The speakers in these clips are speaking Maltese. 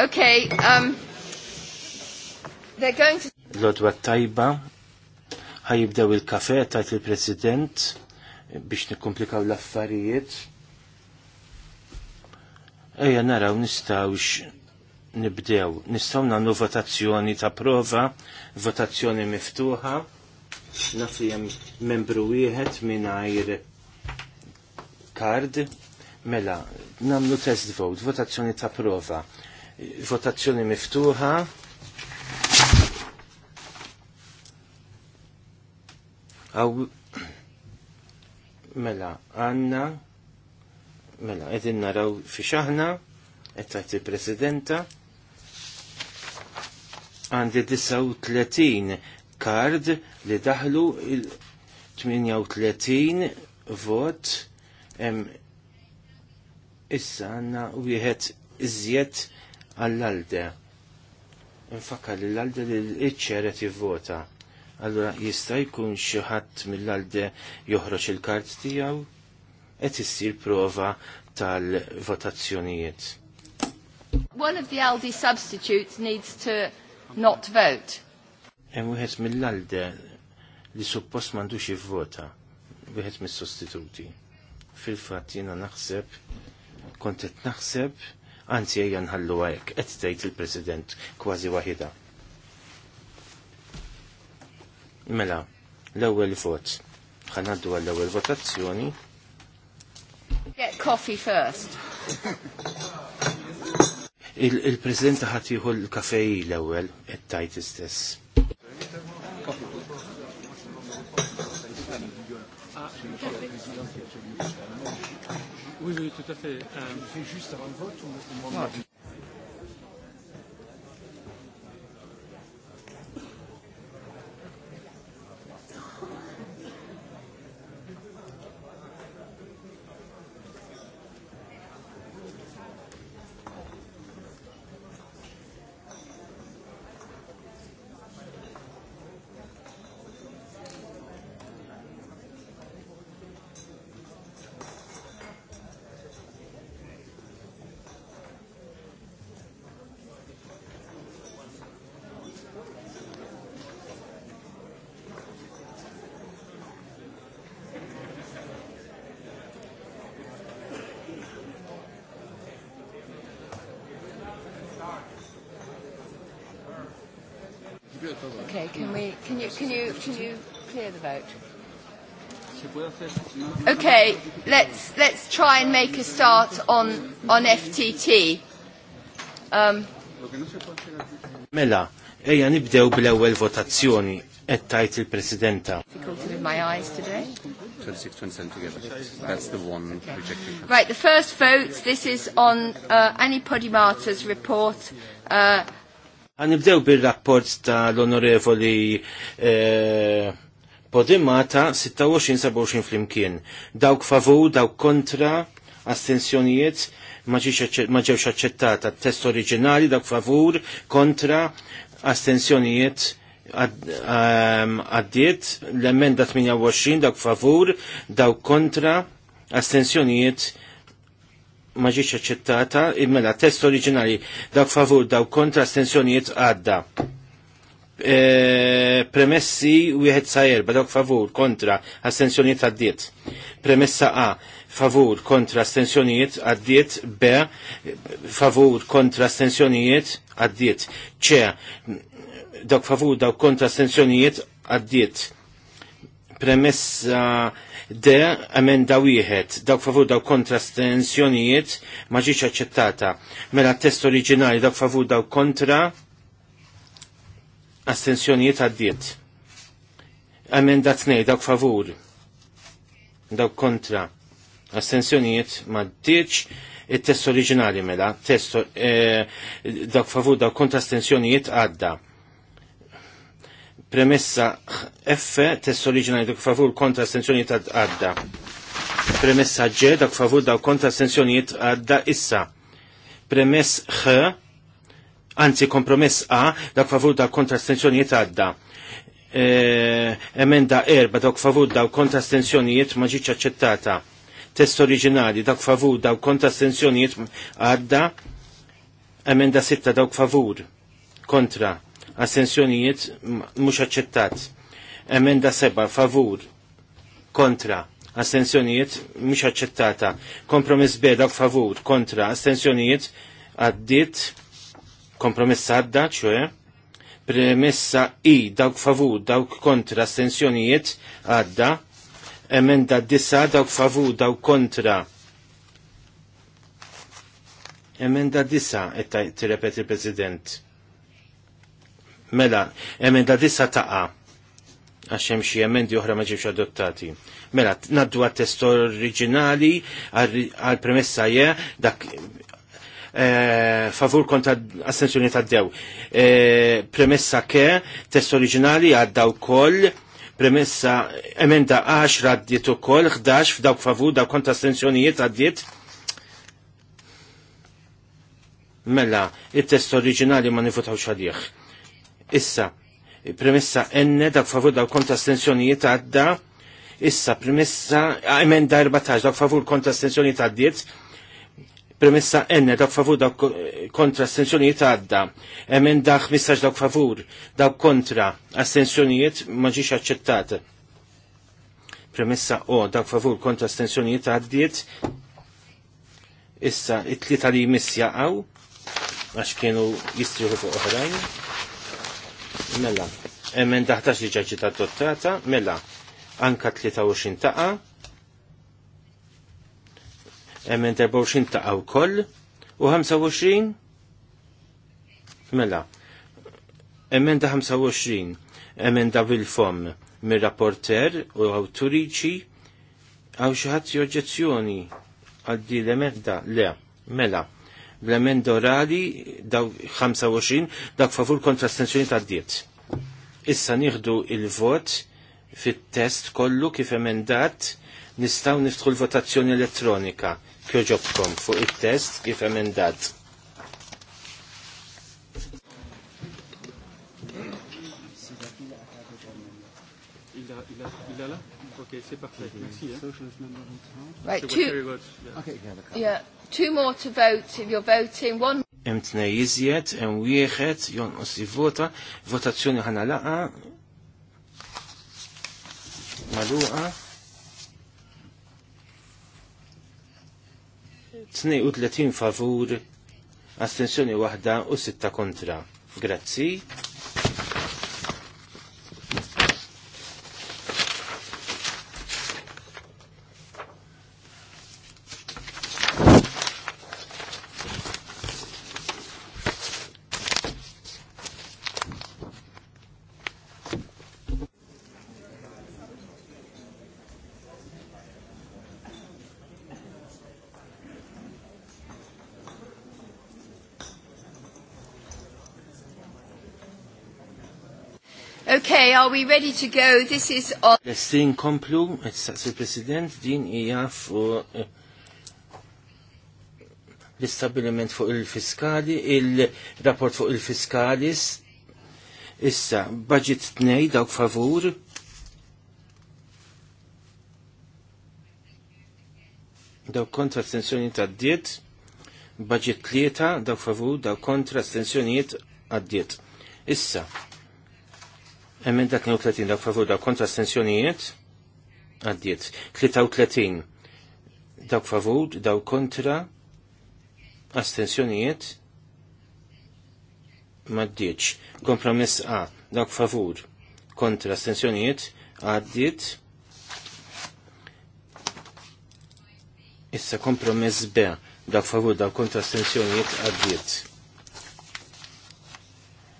Okay, um, they're going to... Lodwa tajba, ħajibdew il-kafe tajt il-president biex nikomplikaw l-affarijiet. Eja naraw nistawx nibdew. Nistaw nagħmlu votazzjoni ta' prova, votazzjoni miftuħa, naf membru wieħed mingħajr kard, mela, nagħmlu test vote, votazzjoni ta' prova votazzjoni miftuħa. Aw mela għanna mela qegħdin naraw fi xaħna qed tagħti presidenta għandi 39 kard li daħlu il-38 vot em, issa għanna u jħed iżjed għall-alde. Infakka li l-alde li l-iċċeret jivvota. Allora jista' jkun xi ħadd mill-alde joħroġ il-kart tiegħu qed issir prova tal-votazzjonijiet. One of the Aldi substitutes needs to not vote. Hemm wieħed mill-alde li suppost m'għandux jivvota, wieħed mis-sostituti. Fil-fatt jiena naħseb kont qed naħseb anzi ejja nħallu għajk, qed tgħid il-President kważi waħida. Mela, l-ewwel vot. Ħanaddu għall-ewwel votazzjoni. Get coffee first. Il-President il ħatiħu l-kafej l-ewwel qed tajt istess. oui, tout à fait. Euh... C'est juste avant le vote ou... le moment ah, Can you, can you, can you clear the vote? Okay, let's, let's try and make a start on, on FTT. Um, mela, eja nibdew bl-ewwel votazzjoni qed tajt il-Presidenta. Right, the first vote, this is on uh, Annie Podimata's report uh, Għanibdew bil-rapport tal-onorevoli Podimma ta' 26-27 flimkien. Dawk favur, dawk kontra, astensjonijiet, ma ġewx aċċettata. Test oriġinali, dawk favur, kontra, astensjonijiet, għaddiet, ehm, l-emenda 28, dawk favur, dawk kontra, astensjonijiet, ma ġiċ aċċettata immela test oriġinali dak favur da kontra astensjonijiet għadda. E, premessi wieħed sa erba dawk favur kontra astensjonijiet għaddiet. Premessa A favur kontra astensjonijiet għaddiet B favur kontra astensjonijiet għaddiet C dawk favur dawk kontra astensjonijiet għaddiet Premessa de emenda wieħed, dawk favur daw kontra stensjonijiet ma ġiċ aċċettata. Mela test oriġinali dawk favur daw kontra astensjonijiet għaddiet. Emenda tnej dawk favur dawk kontra astensjonijiet ma ddiċ il-test oriġinali mela, test eh, dawk favur dawk kontra astensjonijiet għadda Premessa F, test oriġinali dak favur kontra astenzjonijiet għadda. Premessa G, dak favur daw kontra astenzjonijiet għadda issa. Premess H, anzi kompromess A, dak favur daw kontra astenzjonijiet għadda. E, emenda erba dak favur daw kontra astenzjonijiet ma ġiċ aċċettata. Test oriġinali dak favur daw kontra astenzjonijiet għadda. Emenda sitta dak favur kontra assenzjonijiet mhux aċċettat. Emenda seba' favur kontra astensjonijiet mhux aċċettata. Kompromiss beda favur kontra astensjonijiet għaddit kompromissa għadda, ċoe, premessa i dawk favur dawk kontra astensjonijiet għadda, emenda disa dawk favur dawk kontra emenda disa etta tirrepeti il-President. Mela, emenda dissa taqa għax hemm xi emendi oħra ma adottati. Mela, naddu għat-test oriġinali għal premessa je dak eh, favur kontra assenzjoni ta' dew. Eh, premessa ke, test oriġinali daw koll, premessa emenda 10 għaddiet u koll, 11 f'dawk favur, dawk kontra assenzjonijiet għaddiet. Mela, il-test oriġinali ma nifutawx xadieħ. Issa, premessa enne dak favur daw kontra astensjonijiet għadda, issa premessa emenda 14 dak favur kontra astensjonijiet għaddiet, premessa enne dak favur dak kontra astensjonijiet għadda, emenda 15 dak favur dak kontra astensjonijiet maġiċ aċċettat. Premessa o dak favur kontra astensjonijiet għaddiet, issa it-tlieta li jmiss għaw, għax kienu jistriħu fuq oħrajn mela, emenda 11 li ġaġi adottata, mela, anka 23 taqa, emenda 24 taqa u koll, u 25, mela, emenda 25, emenda bil-fom, mir-rapporter u awturiċi, għaw xaħat joġezzjoni għaddi l-emenda, le, mela, bl-emend orali daw 25 dak favur kontra astensjoni tal-diet. Issa nieħdu il-vot fit-test kollu kif emendat nistaw niftħu l-votazzjoni elettronika kjoġobkom fuq il-test kif emendat. Okay, c'est parfait. Mhm. Merci. Hein. Right, two, okay. yeah, two more to vote if you're voting. One hemm iżjed, hemm wieħed jonqos jivvota, votazzjoni ħana laqa maluqa. Tnej u tletin favur, astensjoni waħda u sitta kontra. Grazzi. Are we ready to go? This is on... Lestin komplu, il president din hija fuq eh, l-istabiliment fuq il-fiskali, il-rapport fuq il-fiskali, issa, budget tnej dawk favur. Dawk kontra stensjoni ta' diet, budget tlieta dawk favur, dawk kontra stensjonijiet għaddiet. Issa, Emenda 32 dak favur dak kontra astensjonijiet għaddiet. 33 dak favur dak kontra astensjonijiet maddiċ. Kompromess A dak favur kontra astensjonijiet għaddiet. Issa kompromess B dak favur dak kontra astensjonijiet għaddiet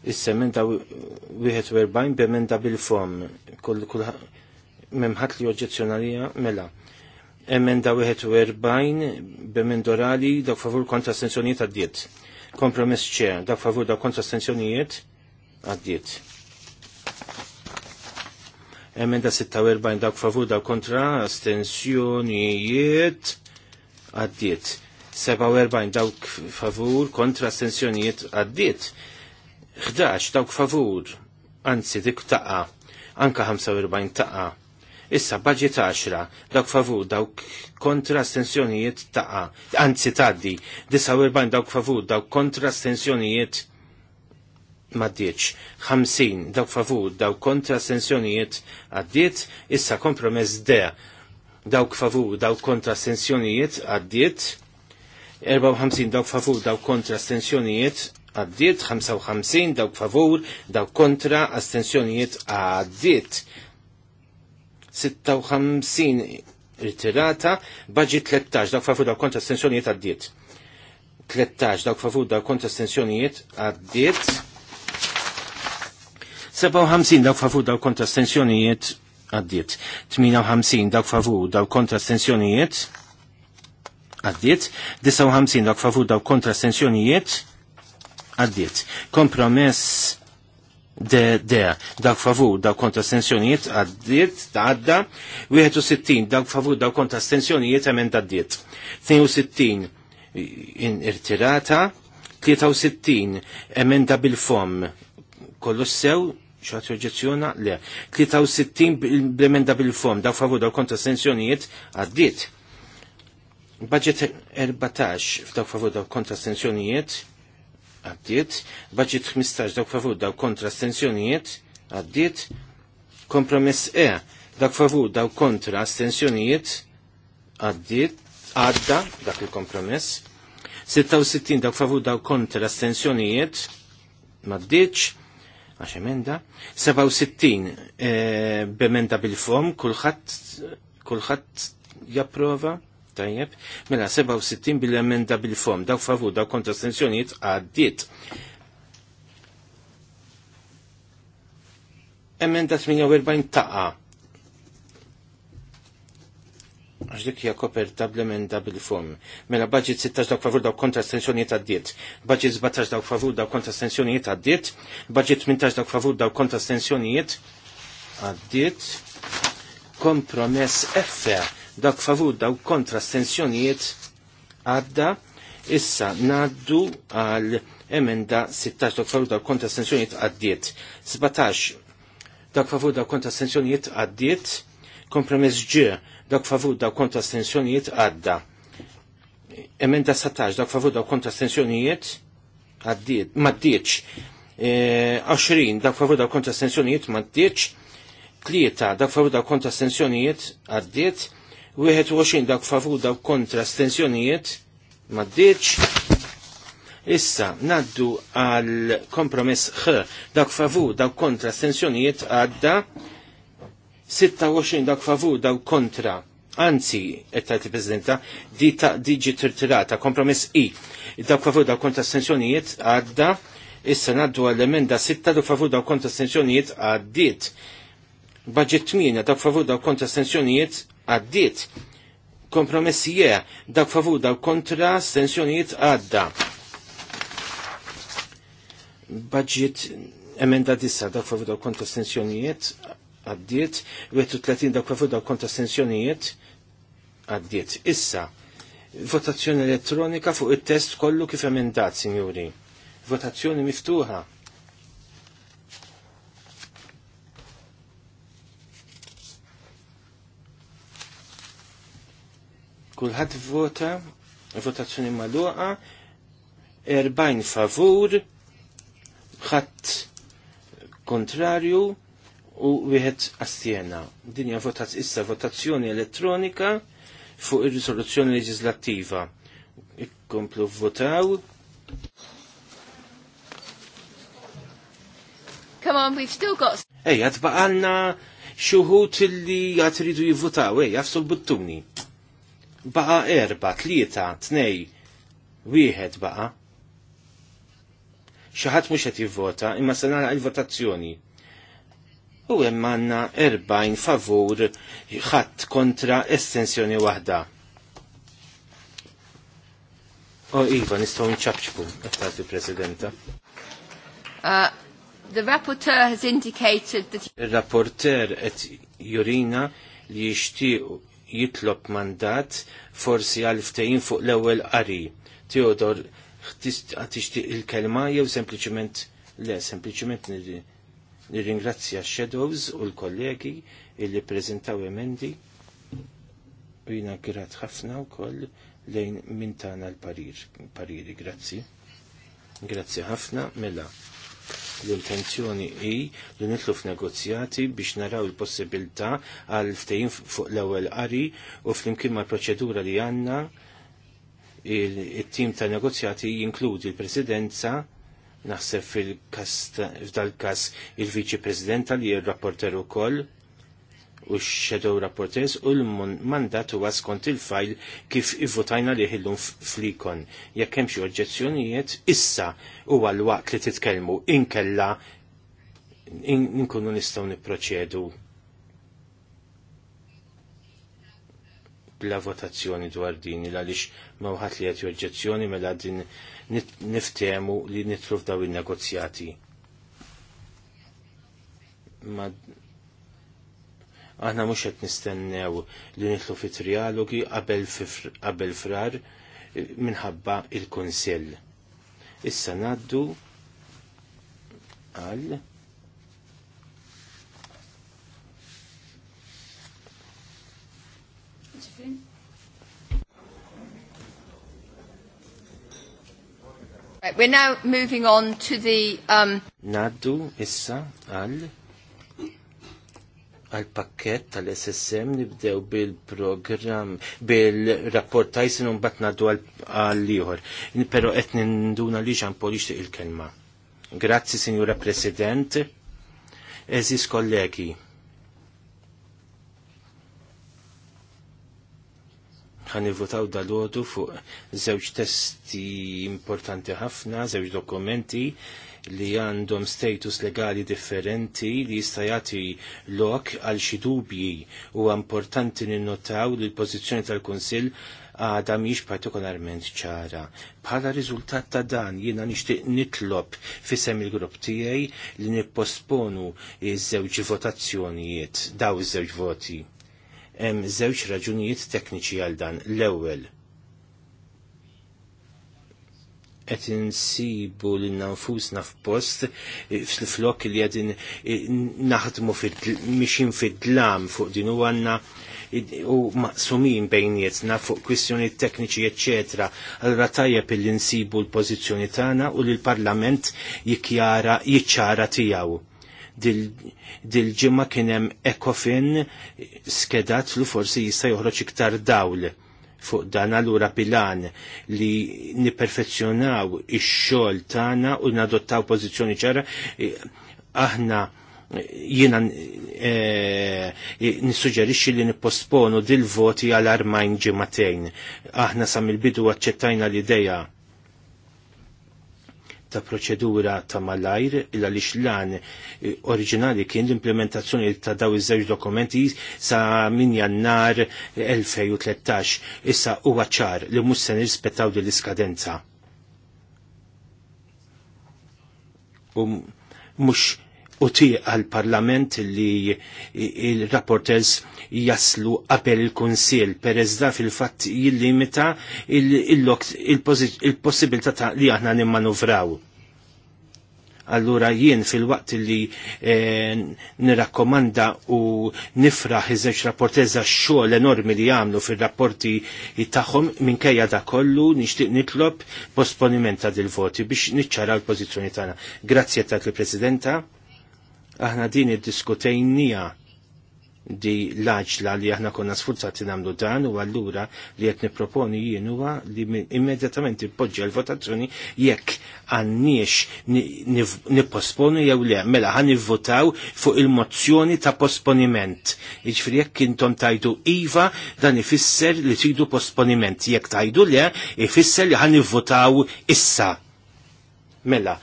is-sementa 41 b'emenda bil-fom, memħat li oġġezzjonalija mela. Emenda 41 b'emenda orali dak favur kontra astensjonijiet għaddiet. Kompromess ċer, dak favur dak kontra astensjonijiet għaddiet. Emenda 46 dak favur dak kontra astensjonijiet għaddiet. 47 dawk favur kontra sensjonijiet għaddiet. 11 dawk favur, anzi dik taqa, anka 45 taqa. Issa budget 10 dawk favur dawk kontra stensjonijiet taqa, anzi taddi, 49 dawk favur dawk kontra stensjonijiet maddiċ, 50 dawk favur dawk kontra stensjonijiet għaddiet, issa kompromess de dawk favur dawk kontra stensjonijiet għaddiet, 54 dawk favur dawk kontra stensjonijiet għaddiet, 55 dawk favur, dawk kontra, astensjonijiet għaddiet. 56 ritirata, baġi 13 dawk favur, dawk kontra, astensjonijiet għaddiet. 13 dawk favur, dawk kontra, astensjonijiet għaddiet. 57 dawk favur, dawk kontra, astensjonijiet għaddiet. 58 dawk favur, dawk kontra, astensjonijiet għaddiet. 59 dawk favur, dawk kontra, astensjonijiet għaddit. Kompromess de de dak favur dak kontra stensjonijiet għaddit ta' għadda 61 dak favur dak kontra stensjonijiet emend għaddiet 62 in irtirata 63 emenda bil-fom kollox sew xat oġġezzjona le 63 bl-emenda bil-fom dak favur dak kontra stensjonijiet għaddiet Budget 14 f'dak favur dak kontra stensjonijiet għaddiet, budget 15 dawk favur daw kontra astensjonijiet għaddiet, kompromess E dak favur daw kontra astensjonijiet għaddiet, għadda dak il-kompromess, 66 dak favur daw kontra astensjonijiet maddiċ, għax emenda, 67 e, eh, b'emenda bil-fom, kulħadd kulħadd japprova, tajjeb, mela 67 bil-emenda bil-fom, daw favur, daw kontra astensjoniet għaddiet. Emenda 48 taqa. Għax dik hija koperta bl-emenda bil-fom. Mela budget 16 daw favur daw kontra astensjoniet għaddiet. Budget 17 daw favur daw kontra astensjoniet għaddiet. Budget 18 daw favur daw kontra astensjoniet għaddiet kompromess F dak favur daw kontra stensjonijiet għadda issa naddu għal emenda 16 dak favur daw kontra stensjonijiet għaddiet 17 dak favur daw kontra stensjonijiet għaddiet kompromess ġ dak favur daw kontra stensjonijiet għadda emenda 17 dak favur daw kontra stensjonijiet għaddiet maddiċ 20 e, dak favur daw kontra stensjonijiet maddiċ tlieta dak favur daw kontra stensjonijiet għaddiet 21 dak favur dak kontra stensjonijiet maddiċ. Issa naddu għal kompromess ħ dak favur dak kontra stensjonijiet għadda 26 dak favur dak kontra anzi, ettajt il-Presidenta, di ta' diġi tirtirata, kompromess i. Dak favur daw kontra stensjonijiet għadda, issa naddu għall-emenda 6 daw favur daw kontra stensjonijiet għaddit. Budget 8 dak favur daw kontra stensjonijiet għaddit. Kompromessi jie, dak favur, dak kontra, stensjonijiet għadda. Budget emenda dissa, dak favur, dak kontra, stensjonijiet għaddiet. 30 dak favur, dak kontra, stensjonijiet għaddit. Issa, votazzjoni elettronika fuq il-test kollu kif emendat, signori. Votazzjoni miftuħa. Kulħadd vota, votazzjoni magħluqa, 40 favur, ħadd kontrarju u wieħed astjena. Dinja votaz issa votazzjoni elettronika fuq ir-risoluzzjoni leġislattiva. Ikkomplu votaw. Come on, we've still got... Ej, għadbaqalna xuħut li għatridu jivvotaw, ej, jafsu l-buttuni baqa erba, tlieta, tnej, wieħed baqa. Xaħat mux qed jivvota, imma se nara l-votazzjoni. U hemm għandna erbajn favur ħadd kontra estensjoni waħda. O Iva, nistgħu nċabċbu, għattati Presidenta. Uh, the rapporteur has indicated that... Il-rapporter et jurina li jixtiequ jitlob mandat forsi għal ftejn fuq l-ewwel qari. Teodor, tixtieq il-kelma jew sempliċement le, sempliċement nirringrazzja x-shadows u l-kollegi illi prezentaw emendi u jina grat ħafna wkoll lejn mintana tagħna l-pariri. Grazzi. Grazzi ħafna mela. L-intenzjoni hi li nitlu f'negozjati biex naraw il-possibilità għal ftejn fuq l-ewwel qari u flimkien mal proċedura li għandna it-tim ta' negozjati jinkludi l-Presidenza naħseb fil-kas f'dal-kas il-Viċi Presidenta li r-rapporter ukoll u shadow rapporters u l-mandat huwa skont il-fajl kif ivvotajna li ħillum flikon. Jekk hemm xi oġġezzjonijiet, issa huwa l-waqt li titkellmu inkella inkunu nistgħu nipproċedu bla votazzjoni dwar din għaliex ma wħadd li qed oġġezzjoni mela din niftemu li nitlu f'daw in-negozjati Aħna mhux qed nistennew li nitlu fi trialogi qabel frar eh, minħabba il-Kunsill. Issa ngħaddu għal Right, we're now moving on to the... Um... Naddu issa al għal pakket tal-SSM nibdew bil-program, bil-rapport tajsin un bat naddu għal-liħor. Pero qed ninduna li ġan polix il-kelma. Grazzi, Signora President, eżis kollegi. votaw dal-ħodu fuq zewġ testi importanti ħafna, zewġ dokumenti li għandhom status legali differenti li jista' jagħti lok għal xi dubji u importanti ninnotaw li l-pożizzjoni tal-Kunsill għada miex partikolarment ċara. Bħala riżultat ta' dan jiena nixtieq nitlob fisem il-grupp tiegħi li nipposponu iż-żewġ votazzjonijiet daw iż-żewġ voti. Hemm żewġ raġunijiet tekniċi għal dan. L-ewwel, qed insibu lil nanfusna f'post e, fil-flok li qegħdin e, naħdmu mixin fid-dlam fuq din u għandna e, u maqsumin bejnietna fuq kwistjoni tekniċi eccetera. Allora tajjeb li nsibu l-pożizzjoni tagħna u li l-Parlament jikjara jiċċara tiegħu. Dil-ġimma kien hemm ekofin skedat li forsi jista' joħroġ iktar dawl fuq dan allura pilan li niperfezzjonaw ix-xogħol tagħna u nadottaw pożizzjoni ċara aħna jiena e, nissuġġerixxi li nipposponu dil-voti għal armajn ġimatejn. Aħna sa mill-bidu aċċettajna l-idea ta' proċedura ta' malajr illa għaliex lan eh, oriġinali kien l-implementazzjoni ta' daw iż-żewġ dokumenti sa' min jannar 2013. Issa huwa ċar li mhux se nirrispettaw din l-iskadenza. U mhux u tieq għal-parlament li il rapportez jaslu qabel il-konsil perez da fil-fatt jillimita il-possibilità ta' li aħna nimmanuvraw. Allura jien fil-waqt li eh, nirakkomanda u nifraħ iż-żewġ rapportez xogħol enormi li għamlu fir-rapporti tagħhom minkejja da kollu nixtieq nitlob posponiment ta' dil-voti biex niċċara l-pożizzjoni tagħna. Grazzi tat il-Presidenta aħna din id-diskutejnija di laġla li aħna konna sfurzati namlu dan u allura li qed niproponi jien huwa li immedjatament ipoġġa l-votazzjoni jekk għanniex nipposponu jew le, mela ħan votaw fuq il-mozzjoni ta' posponiment. Jiġifieri jekk intom tajdu iva dan ifisser li tridu posponiment, jekk tajdu le ifisser li ħan votaw issa Mela,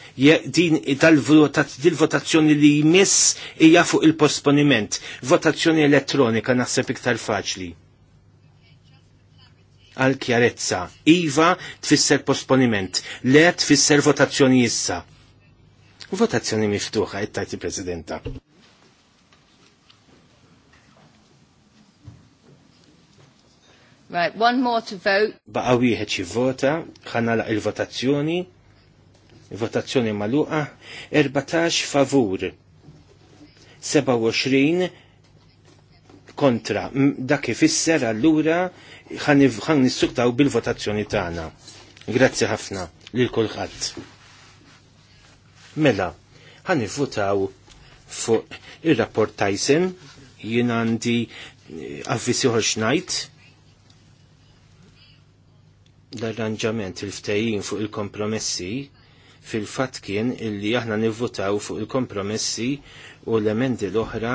din dil votazzjoni li jmiss hija fuq il-posponiment. Votazzjoni elettronika naħseb iktar faċli. Għal kjarezza. Iva tfisser posponiment. Le tfisser votazzjoni issa. Votazzjoni miftuħa, it-tajti Right, one more to vote. Baqa wieħed xi vota, il-votazzjoni votazzjoni maluqa, 14 favur, 27 kontra. Dak ifisser allura ħan nissuktaw bil-votazzjoni tagħna. Grazzi ħafna lil kulħadd. Mela, ħan nivvutaw fuq ir-rapport Tyson jien għandi eh, avvisi ħoxnajt l-arranġament il-ftejjin fuq il-kompromessi fil-fatt kien illi aħna nivvotaw fuq il-kompromessi u l-emendi l-oħra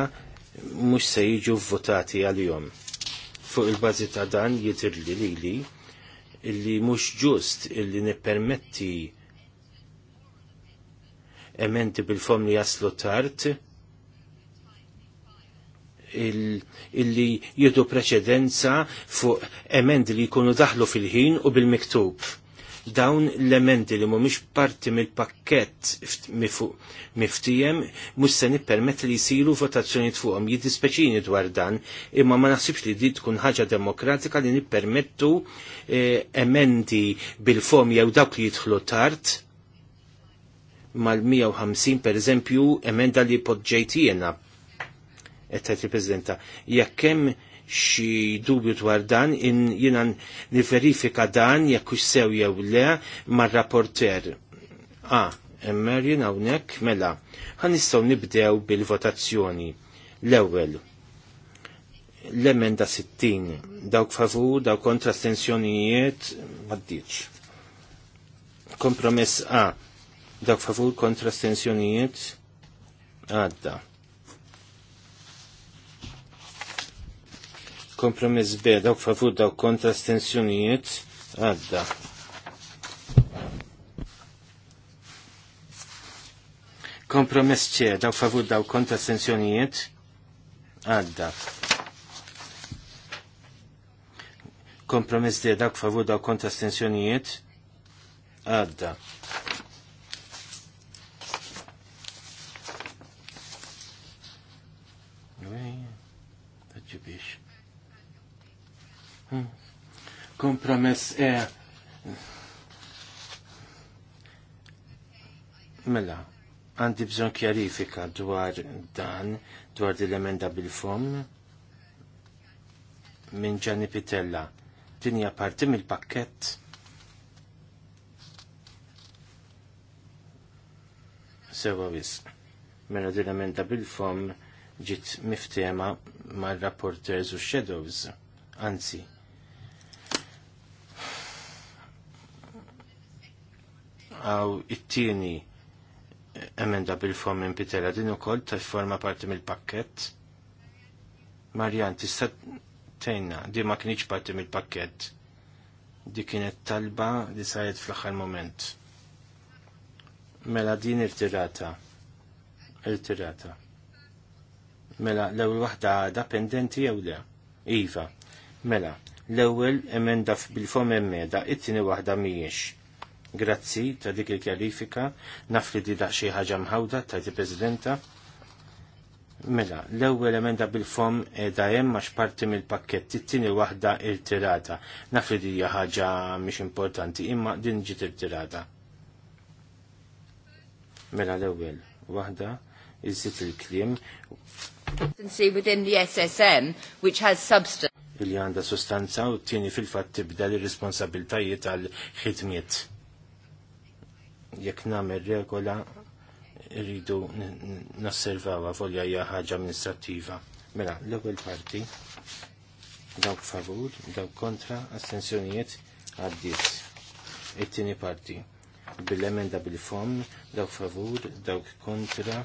mhux se jiġu vvotati għal-jom. Fuq il-bażi ta' dan li lili illi mhux ġust illi nippermetti emendi bil-fom li jaslu tard illi jidu preċedenza fuq emendi li jkunu daħlu fil-ħin u bil-miktub dawn l-elementi li mhumiex parti mill-pakkett miftijem mhux se nippermetti li jsiru votazzjoni fuqhom jiddispeċini dwar dan imma ma naħsibx li di tkun ħaġa demokratika li nippermettu eh, emendi bil-fom jew dawk li jidħlu tard mal-150 per eżempju emenda li podġejtijena qed Presidenta. Jekk hemm xi dubju dwar dan, jiena niverifika dan jekk hux sew jew le mar-rapporter. Ah, emmer jina hawnhekk mela. għan nistgħu nibdew bil-votazzjoni. L-ewwel l-emenda 60 dawk favur, dawk kontra stensjonijiet maddiċ. Kompromess A dawk favur kontra stensjonijiet għadda kompromiss B dawk favur dawk kontra stensjonijiet għadda. Kompromiss C dawk favur dawk kontra stensjonijiet għadda. Kompromiss D dawk favur dawk kontra stensjonijiet għadda. Kompromess e. Mela, għandi bżon kjarifika dwar dan, dwar dil-emenda bil-fom minn ġani Pitella. dinja parti mill-pakkett. Sewa wis. Mela din emenda bil-fom ġiet miftema mar-rapporters u shadows. Anzi, għaw it-tieni emenda bil-fom minn Pitela din ukoll ta' forma parti mill-pakkett. Marjan, tista' tejna, di ma kienx parti mill-pakkett. Di kienet talba li sajet fl-aħħar moment. Mela din irtirata. Irtirata. Mela l-ewwel waħda għadha pendenti jew le. Iva. Mela, l-ewwel emenda bil-fom emmeda, it-tieni waħda mhijiex Grazzi ta' dik il-kjarifika, naf li di daqxie ħaġa mħawda ta' di prezidenta. Mela, l-ewwel emenda bil-fom edha hemm għax parti mill-pakkett, it-tieni waħda irtirata. Naf li di ħaġa mhix importanti, imma din ġiet tirata. Mela l-ewwel waħda iżid il-kliem. within the SSM which has substance li għanda sustanza u t-tini fil-fat tibda l responsabiltajiet għal ħidmiet jekk nagħmel regola rridu nasservawa volja hija ħaġa amministrattiva. Mela, l-ewwel parti dawk favur, dawk kontra, astensjonijiet għaddis. It-tieni parti bil-emenda bil-fom, dawk favur, dawk kontra,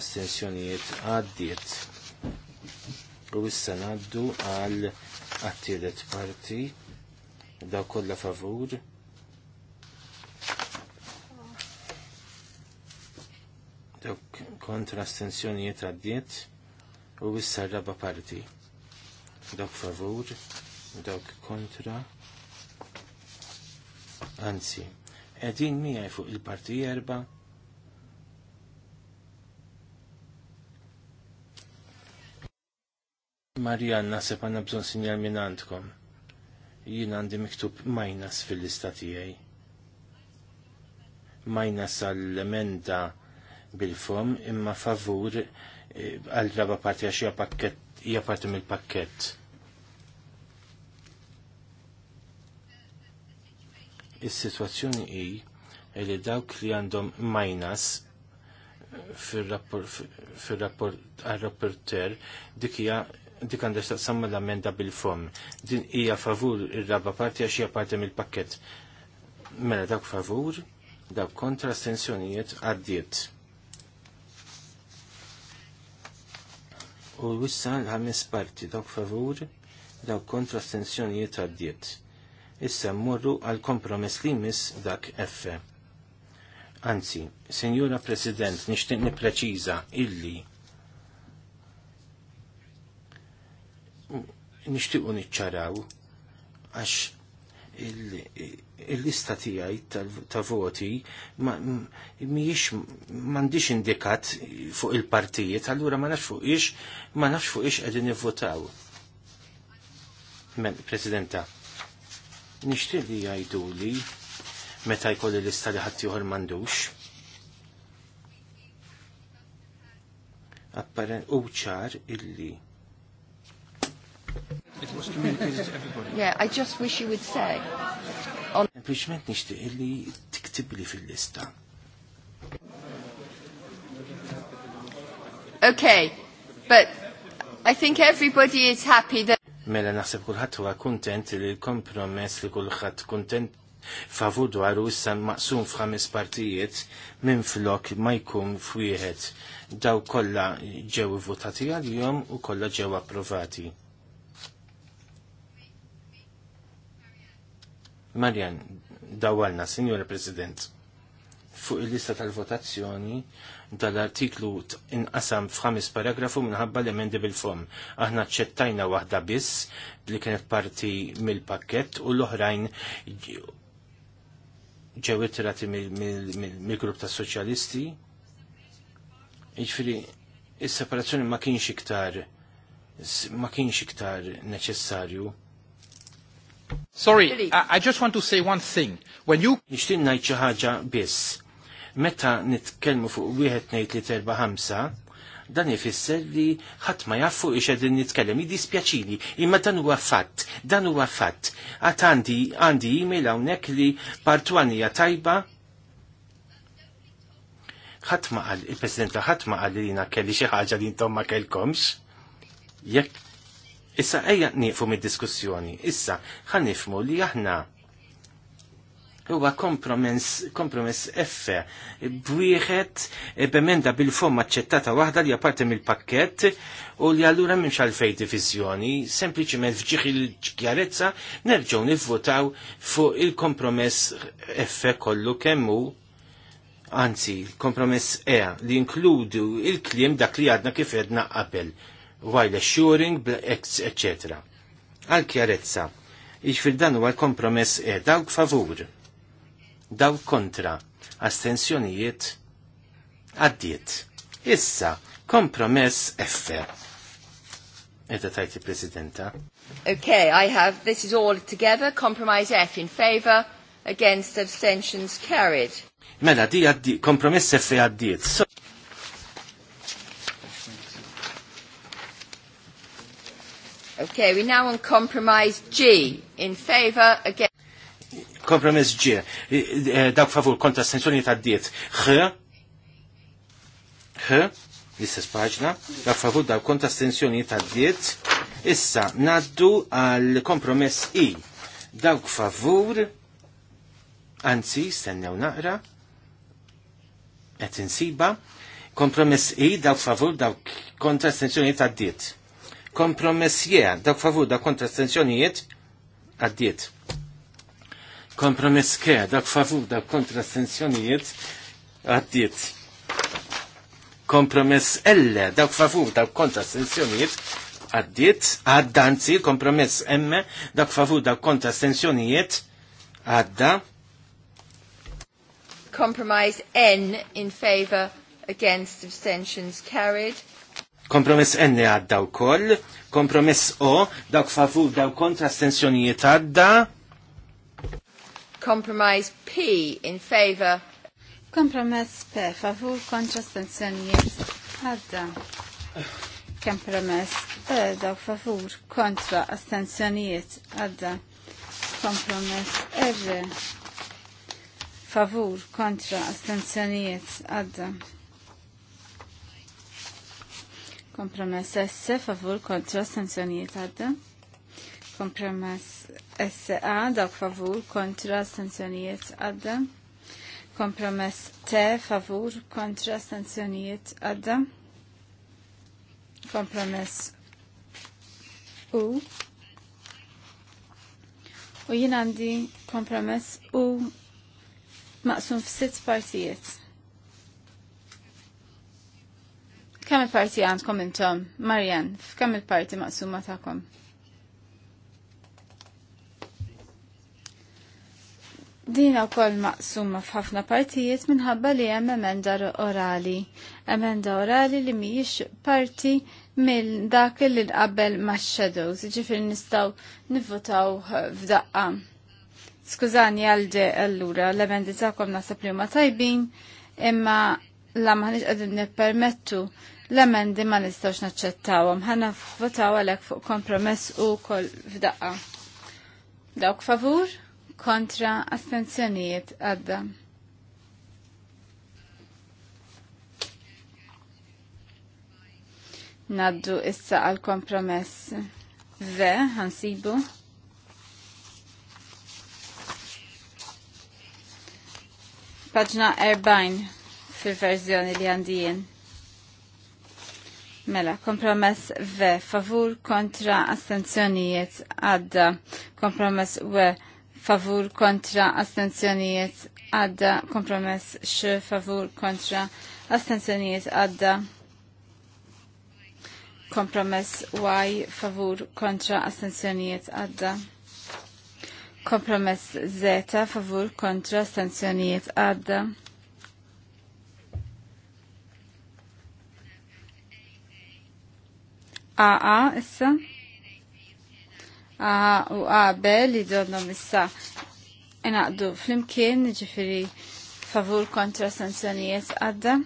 astensjonijiet għaddiet. U issa ngħaddu għal għattiret parti, dawk kollha favur, kontra astensjonijiet għaddiet u issa raba parti dok favur dok kontra anzi edin miħaj fuq il-parti erba Marianna sepana bżon sinjal minn għandkom jien għandi miktub minus fil-lista tiegħi. Minus għall-emenda bil-fom imma favur eh, għal raba parti għax hija parti mill-pakkett. Is-sitwazzjoni hi li dawk li għandhom minus eh, fil-rapporter dik hija dik għandha x'taqsam l-amenda bil-fom. Din hija favur ir-raba parti għax hija parti mill-pakkett. Mela dawk favur, dawk kontra astensjonijiet għaddiet U wissa l-ħames parti dawk favur dawk kontra stenzjonijiet għaddiet. Issa mmorru għal kompromess li mis dak F. Anzi, Senjura President, nixtieq nippreċiża illi nixtiequ niċċaraw għax il-lista tijaj ta' voti miex mandiċ indikat fuq il-partijiet, allura ma nafx fuq ix, ma nafx fuq ix għedin votaw. Men, Presidenta, nishti li għajdu li meta jkolli lista li ħatti uħor mandux. Apparen uċar illi. It was communicated to everybody. Yeah, I just wish you would say nishtiq li tiktib li fil-lista. Okay, but I think everybody is happy that Mela naħseb kulħadd huwa kuntent li l-kompromess li kulħadd kuntent favur dwaru issa maqsum f'ħames partijiet minn flok ma jkun f'wieħed. Daw kollha ġew votati għal-jom u kollha ġew approvati. Marjan, dawalna, Signor President, fuq il-lista tal-votazzjoni dal-artiklu inqasam f'ħames paragrafu minħabba l-emendi bil-fom. Aħna ċettajna waħda biss li kienet parti mill-pakket u l-oħrajn ġew ittrati mill-grupp tas soċjalisti. Jiġifieri is-separazzjoni ma kienx iktar ma kienx iktar neċessarju Sorry, I, I just want to say one thing. When you... Nishtin najt ħaġa biss. Meta nitkelmu fuq wieħed ngħid li terba ħamsa, dan ifisser li ħadd ma jaffu ix qegħdin nitkellem, jiddispjaċini, imma dan huwa fatt, dan huwa fatt. Għad għandi għandi email hawnhekk li partwanija tajba ħadd ma qal, il-President ħadd ma qal li jiena kelli xi ħaġa li intom ma kellkomx. Jekk Issa ejja nifu mid-diskussjoni. Issa ħanifmu li aħna huwa kompromess, kompromess effe bwieħed e, b'emenda bil-fom aċċettata waħda li apparti mill-pakket u li allura għal xalfej divizjoni, sempliċiment fġiħ il-ċkjarezza nerġgħu nivvotaw fuq il-kompromess effe kollu kemmu anzi, kompromess E li inkludu il-klim dak li għadna kif għedna qabel while assuring, etc. Għal kjarezza, iġfir dan huwa għal kompromess e eh, dawk favur, dawk kontra, astensjonijiet għaddiet. Issa, kompromess effe. Eta tajti presidenta. Okay, I have, this is all together, compromise F in favour, against abstentions carried. Mela, di għaddi, kompromess F għaddiet. So Okay, we now on compromise G. In favour, again. Compromise G. Eh, dak favur kontra stenzjoni ta' diet. H. H. l spaġna. Dak favur dak kontra stenzjoni ta' diet. Issa, naddu għal kompromess I. Dak favur, anzi, stennew naqra, et insiba, kompromess I, dak favur, dak kontra stenzjoni ta' diet Kompromess dak favur da kontra astenzjonijiet għaddiet. Kompromess ke, dak favur da kontra astenzjonijiet għaddiet. Kompromess elle dak favur da kontra astenzjonijiet għaddiet, għaddanzi, kompromess emme dak favur da kontra astenzjonijiet għadda. Compromise N in favor against abstentions carried. Kompromess N għadda u koll. Kompromess O, dawk favur, dawk kontra astensjonijiet għadda. Compromise P in favor. Kompromess P, favur kontra astensjonijiet għadda. Kompromess E, dawk favur kontra astensjonijiet għadda. Kompromess R, favur kontra astensjonijiet għadda Kompromess S favur kontra sanzjonijiet għadda. Kompromess SA dawk favur kontra sanzjonijiet għadda. Kompromess T favur kontra sanzjonijiet għadda. Kompromess U U jien għandi kompromess u maqsum f'sitt partijiet. Kemm il-parti għandkom intom? Marjan, f'kemm il-parti maqsuma tagħkom? Dina koll maqsuma f'ħafna partijiet minħabba li hemm emenda orali. Emenda orali li mhijiex parti mill dak li qabel max-shadows, ġifir nistgħu nivvotaw f'daqqa. Skużani għalde allura l-emendi tagħkom naħseb li huma tajbin, imma la maħniġ qegħdin nippermettu l-emendi ma nistawx naċċettawhom. Ħana votaw għalhekk fuq kompromess u kol f'daqqa. Dawk favur kontra astenzjonijiet għadda. Naddu issa għal kompromess. Ve, ħansibu. Paġna 40 fil-verżjoni li għandijin. Mela, kompromess V, favur kontra astenzjonijiet għadda, kompromess W, favur kontra astenzjonijiet għadda, kompromess X, favur kontra astenzjonijiet għadda, kompromess Y, favur kontra astenzjonijiet għadda, kompromess Z, favur kontra astenzjonijiet għadda. AA issa. AA u AB li donnom issa inaqdu fl-imkien ġifiri favur kontra sanzjonijiet għadda.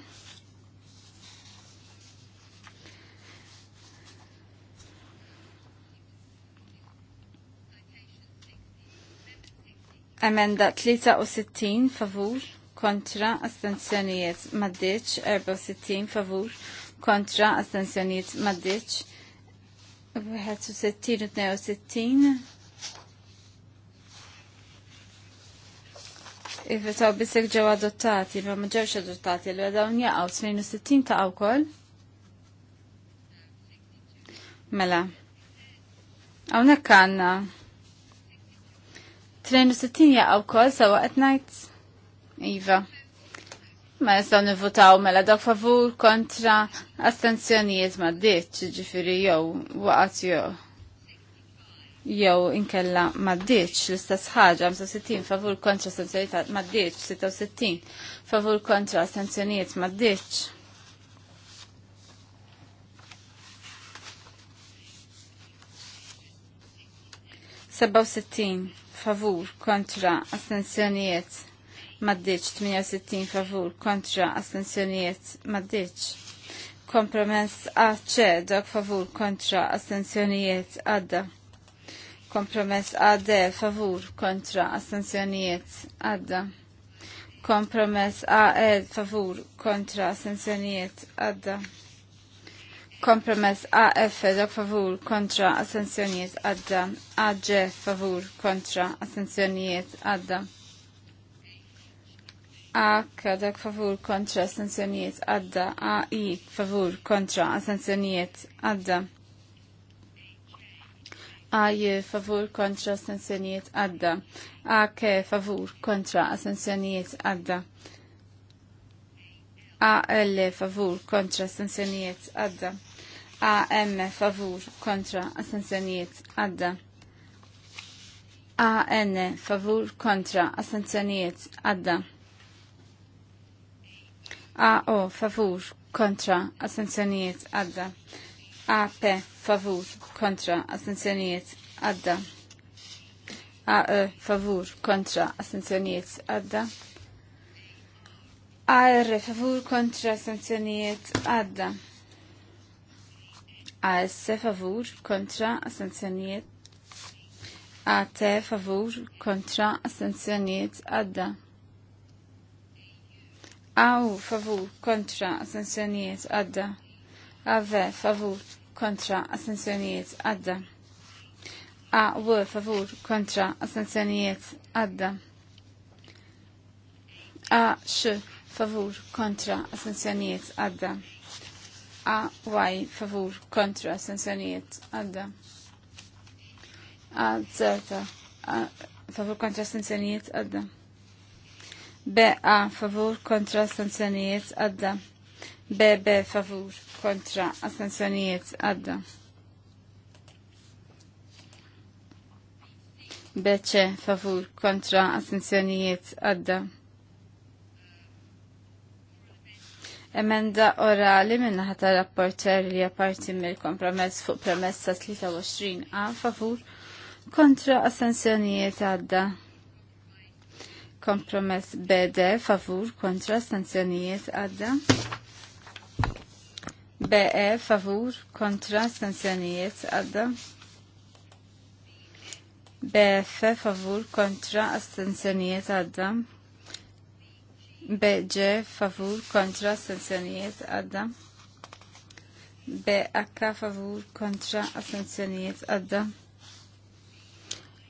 Emenda 63 favur kontra astenzjonijiet maddiċ, 64 favur kontra astensjonijiet maddiċ, 61 u bisek ġew adottati, ma ma ġewx adottati, l għadaw jaqgħu 62 ta' wkoll. Mela. Hawnhekk għandna 62 jaqgħu wkoll sewwa qed ngħid. Iva. Ma jistaw nivutaw mela dak favur kontra astenzjonijiet ma ddiċ, ġifiri jew waqat jew. Jow inkella ma ddiċ l-istess ħaġa 65 favur kontra astenzjonijiet ma ddiċ, 66 favur kontra astenzjonijiet ma ddiċ. Seba' favur kontra astenzjonijiet maddiċ 68 favur kontra astensjonijiet maddiċ. Kompromess AC dok favur kontra astensjonijiet għadda. Kompromess AD favur kontra astensjonijiet għadda. Kompromess AE favur kontra astensjonijiet għadda. Kompromess AF dok favur kontra astensjonijiet għadda. AG favur kontra astensjonijiet għadda A dak favur kontra sanzjonijiet għadda AI favur kontra sanzjonijiet għadda j favur kontra sanzjonijiet għadda k favur kontra sanzjonijiet għadda l favur kontra sanzjonijiet għadda AM favur kontra sanzjonijiet għadda AN favur kontra sanzjonijiet għadda AO favur kontra astenzjonijiet għadda. AP favur kontra astenzjonijiet għadda. AE favur kontra astenzjonijiet għadda. AR favur kontra astenzjonijiet għadda. s favur kontra A AT favur kontra astenzjonijiet għadda. Aw, favur, kontra, assenzjonijiet, għadda. Ave, favur, kontra, assenzjonijiet, għadda. A, w, favur, kontra, assenzjonijiet, għadda. A, x, favur, kontra, assenzjonijiet, għadda. A, y, favur, kontra, assenzjonijiet, għadda. A, z, favur, kontra, assenzjonijiet, għadda. BA favur kontra sanzjonijiet għadda. BB favur kontra sanzjonijiet għadda. BC favur kontra sanzjonijiet għadda. Emenda orali minna ħata rapporter li apparti mill kompromess fuq premessa 23 a favur kontra sanzjonijiet għadda. Kompromess BD favur kontra sanzjonijiet għadda. BE favur kontra sanzjonijiet għadda. BF favur kontra sanzjonijiet għadda. BG favur kontra sanzjonijiet għadda. BH favur kontra sanzjonijiet għadda.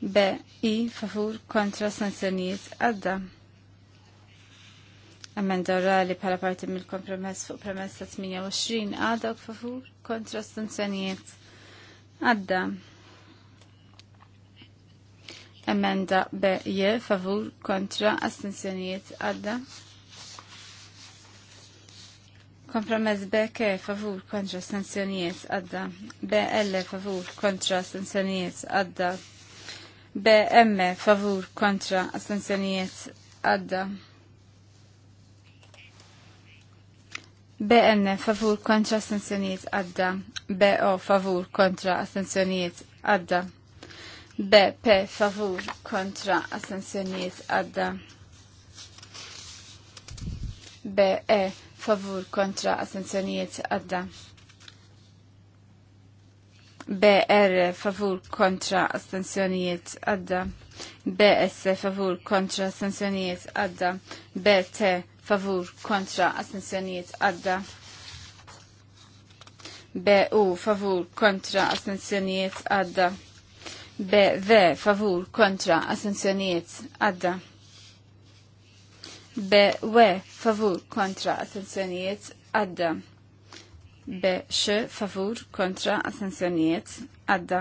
B. I. Favur kontra sanzjonijiet għadda. Emenda orali bħala parti mill-kompromess fuq premess ta' 28 u fafur kontra sanzjonijiet għadda. Emenda B. I, Favur kontra sanzjonijiet għadda. Kompromess BK favur kontra sanzjonijiet għadda. BL favur kontra sanzjonijiet għadda. BM favur kontra astensjonijiet għadda. BN favur kontra astensjonijiet għadda. BO favur kontra astensjonijiet għadda. BP favur kontra astensjonijiet għadda. BE favur kontra astensjonijiet għadda. BR favur kontra astensjonijiet għadda. BS favur kontra astensjonijiet għadda. BT favur kontra astensjonijiet għadda. BU favur kontra astensjonijiet għadda. BV favur kontra astensjonijiet għadda. BW favur kontra astensjonijiet għadda. B x favur kontra astensjonijiet għadda.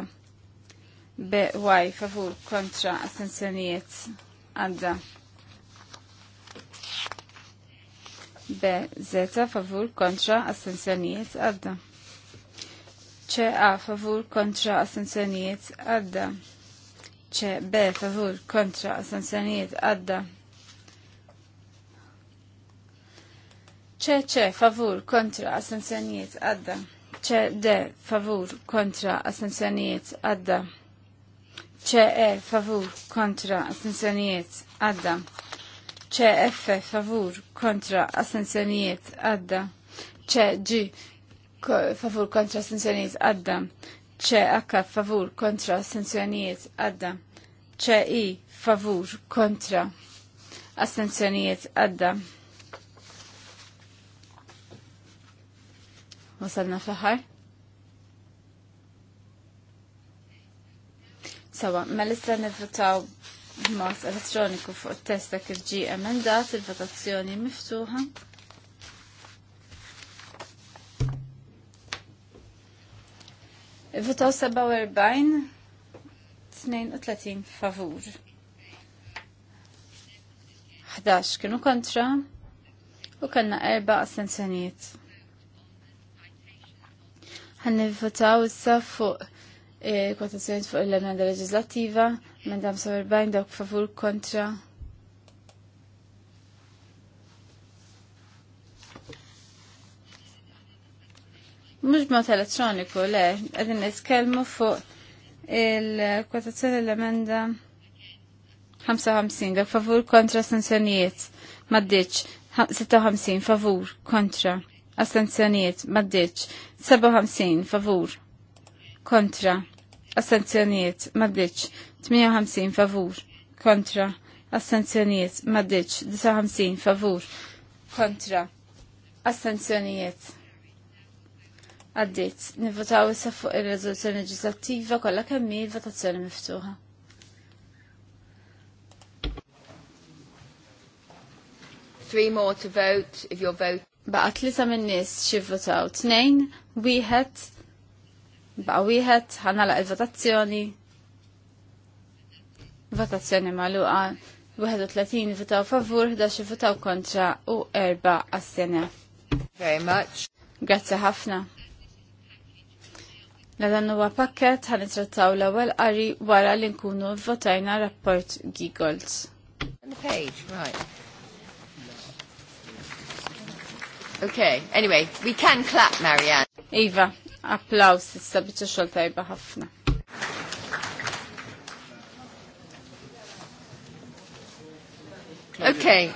B y favur kontra astensjonijiet għadda. B z favur kontra astensjonijiet għadda. C a favur kontra astensjonijiet għadda. C b favur kontra astensjonijiet għadda. ċe ċe favur kontra assenzjonijiet għadda. ċe de favur kontra assenzjonijiet għadda. ċe e favur kontra assenzjonijiet għadda. ċe f favur kontra assenzjonijiet għadda. ċe g favur kontra assenzjonijiet għadda. ċe h favur kontra assenzjonijiet għadda. ċe i favur kontra assenzjonijiet għadda. وصلنا fl-aħħar. Sawa, ma mela l-istra nivvotaw mod elettroniku fuq it-testa kif ġi emendat il-votazzjoni miftuħa. Votaw 47, 32 favur. 11 kienu kontra u kanna erba' assenzjonijiet. Ħannivvotaw issa fuq kwotazzjoni eh, fuq l-emenda leġislattiva, emenda 45 dawk favur kontra. Mux mod elettroniku, le, għedin niskelmu fuq il-kwotazzjoni l-emenda 55 dawk favur kontra sanzjonijiet. Maddiċ, 56 favur kontra astenzjonijiet maddiċ 57 favur kontra astenzjonijiet maddiċ 58 favur kontra astenzjonijiet maddiċ 59 favur kontra astenzjonijiet għaddit nivvotaw issa fuq ir-rezoluzzjoni leġislattiva kollha kemm votazzjoni miftuħa. Three more to vote if your vote baqa tlita minnis xivvotaw tnejn, wieħed, baqa wieħed, ħanala il-votazzjoni. Votazzjoni maluqa, 31 votaw favur, 11 votaw kontra u 4 assjena. Very much. Grazzi ħafna. L-dan mela huwa pakket ħanitrattaw l-ewwel qari wara li nkunu votajna rapport Giggles. On the page, right. Okay, anyway, we can clap, Marianne. Eva, applause. issa bieċa xol tajba ħafna. Okay.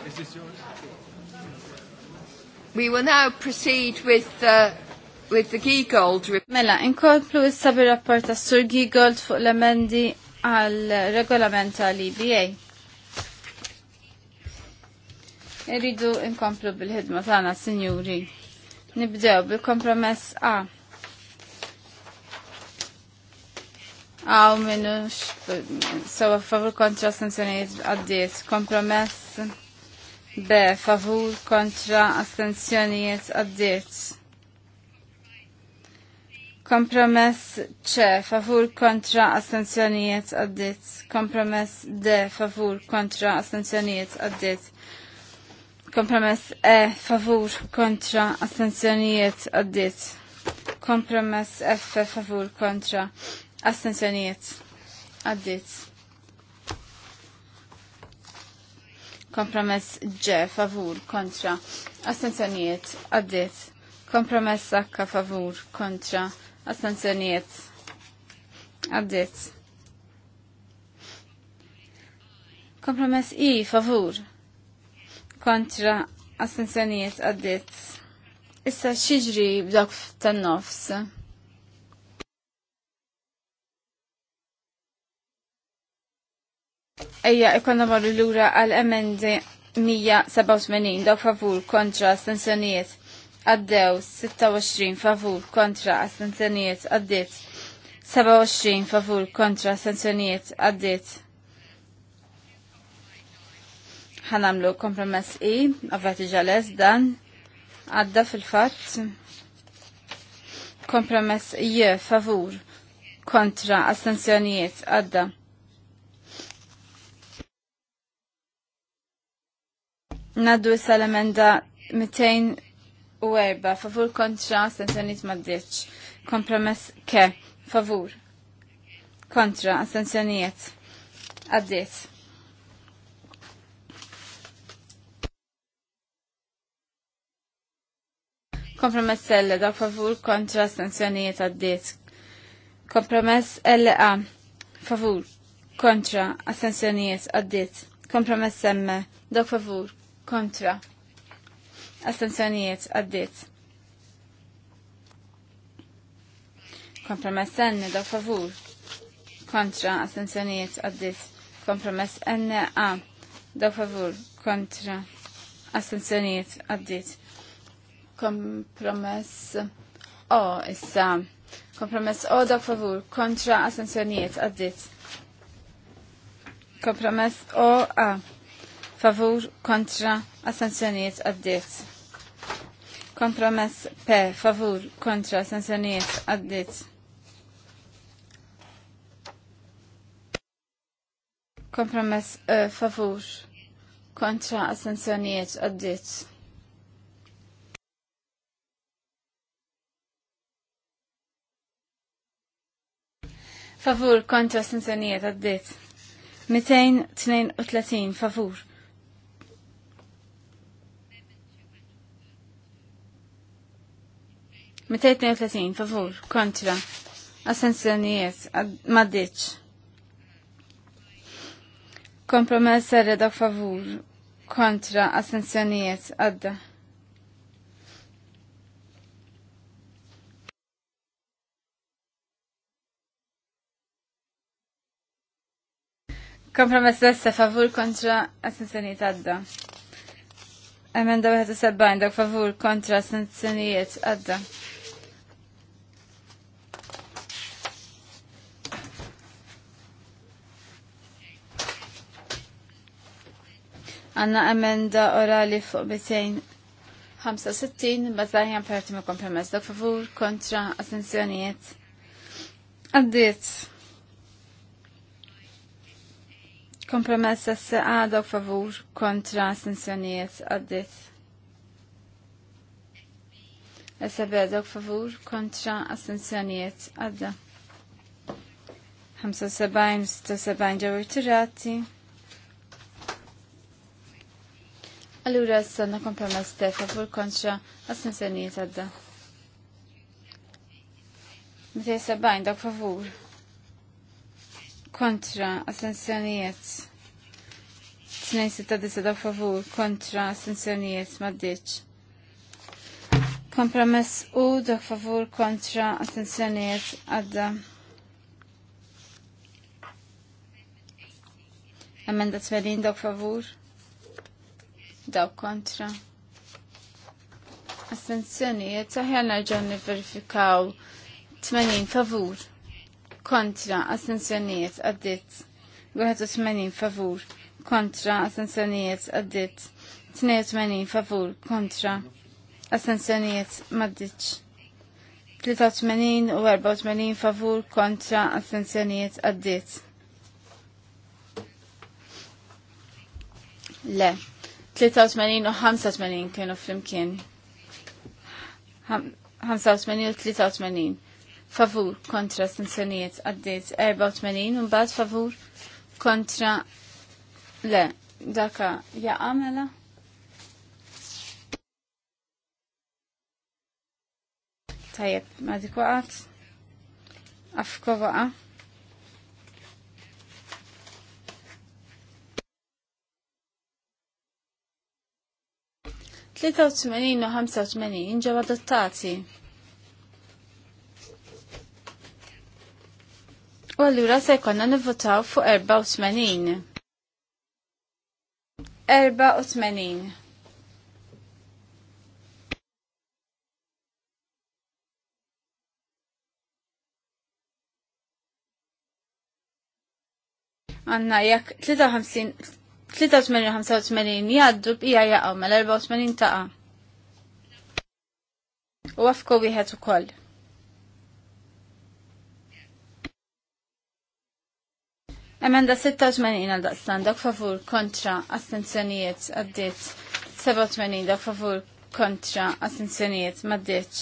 We will now proceed with the with the Giegold. Mela, in kodplu is sabi rapporta Sur Giegold fuq l-emendi għal regolament eba Irridu inkomplu bil-ħidma tagħna, sinjuri. Nibdew bil-kompromess A. Aw minux, sewa favur kontra astenzjonijiet għaddiet. Kompromess B. Favur kontra astenzjonijiet għaddiet. Kompromess C, favur kontra astenzjonijiet għaddit. Kompromess D, favur kontra astenzjonijiet għaddit. Kompromess E favur kontra astenzjonijiet għaddit. Kompromess F favur kontra astenzjonijiet għaddit. Kompromess G favur kontra astenzjonijiet għaddit. Kompromess H favur kontra astenzjonijiet għaddit. Kompromess I favur kontra assenzjonijiet għaddit. Issa xieġri b'dak tan-nofs. Ejja, ikonna marru l-ura għal-emendi 187, daw favur kontra assenzjonijiet Għaddew 26 favur kontra assenzjonijiet Għaddit 27 favur kontra assenzjonijiet Għaddit ħanamlu kompromess i, għavati ġales dan, għadda fil-fat, kompromess i, favur, kontra, astensjonijiet, għadda. Naddu s-salamenda 204, favur kontra, astensjonijiet maddiċ. Kompromess ke, favur, kontra, astensjonijiet, għaddiċ. Kompromess L da favur kontra sanzjonijiet għaddiet. Kompromess LA favur kontra assenzjonijiet għaddiet. Kompromess M da favur kontra assenzjonijiet għaddiet. Kompromess N da favur kontra assenzjonijiet għaddiet. Kompromess N A da favur kontra assenzjonijiet għaddiet kompromess o issa. Kompromess o da favur kontra assenzjonijiet għaddit. Kompromess o a favur kontra assenzjonijiet għaddit. Kompromess P favur kontra assenzjonijiet għaddit. Kompromess e favur kontra assenzjonijiet għaddit. favur kontra d għaddit. 232 favur. Mitej 32 favur kontra assenzjonijiet maddiċ. Kompromessa redak favur kontra assenzjonijiet għadda. Kompromess essa favur kontra assenzjoniet għadda. Emenda 71 dak favur kontra assenzjoniet għadda. Għanna emenda orali fuq 265 bazzajja parti ma kompromess dak favur kontra assenzjoniet. Għaddit. kompromessa se għada u favur kontra sanzjoniet għaddit. Esa beda u favur kontra sanzjoniet għadda. 75-76 ġew irtirati. Allura s-sanna kompromess te favur kontra sanzjoniet għadda. 270 dak favur kontra assenzjonijiet 269 favur kontra assenzjonijiet maddiċ. Kompromess u da favur kontra assenzjonijiet għadda. Emenda 20 da favur. Dawk kontra. Astenzjonijiet, aħjar nerġaw niverifikaw 80 favur kontra assenzjonijiet għaddit 81 favur kontra assenzjonijiet għaddit 82 favur kontra assenzjonijiet maddiċ 83 u 84 favur kontra assenzjonijiet għaddit. Le, 83 u 85 kienu flimkien. 85 u 83 favur kontra astensjonijiet għaddit 84 un bad favur kontra le daka jaqamela tajjeb ma dikwaqat afko waqa Tlita u tmenin u ħamsa u tmenin ġew adottati. U għallura se jkollna nivvotaw fuq 84. 84. Għanna jekk 83-85 jaddu bija jaqgħu mal-84 mela taqa'. U għafko wieħed ukoll. Emenda 86 għal daqstan dak favur kontra astenzjonijiet għaddit. 87 dak favur kontra astenzjonijiet maddiċ.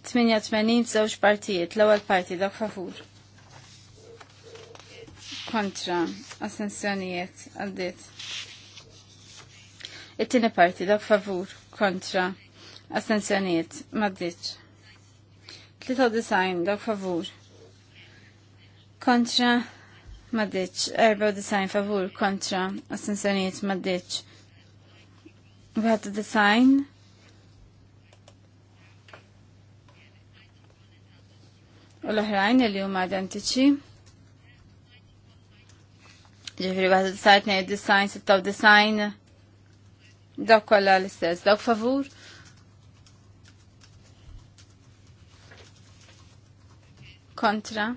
88 żewġ partijiet l-ewwel parti dak favur. Kontra astenzjonijiet għaddit. It-tieni parti dak favur kontra astenzjonijiet maddiċ. 93 dak favur kontra maddiċ, 94 favur kontra assenzjoniet maddiċ. Għad design. U l-oħrajn li huma identiċi. Ġifri għad design, nejt design, sittaw design. Dawk kolla l-istess, dawk favur. Kontra.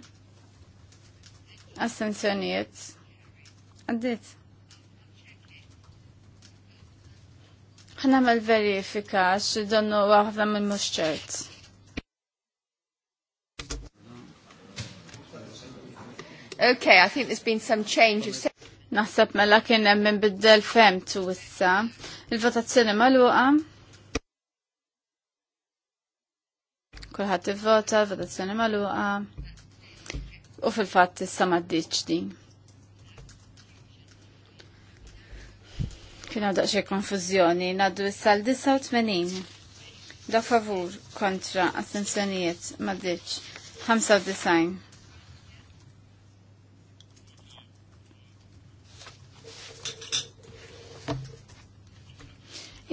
Assenzjonijiet. Għaddit. ħnamel verifika xi donnu waħda minn mhux ċert. Okay, I think there's been some changes. Nasab Naħseb mela kien hemm minn biddel fem tu issa. Il-votazzjoni magħluqa. Kulħadd ivvota, votazzjoni magħluqa u fil-fatt issa maddiċ din. Kien għadaq xie konfuzjoni, naddu s-sal 89 Da favur kontra attenzjonijiet maddiċ 95.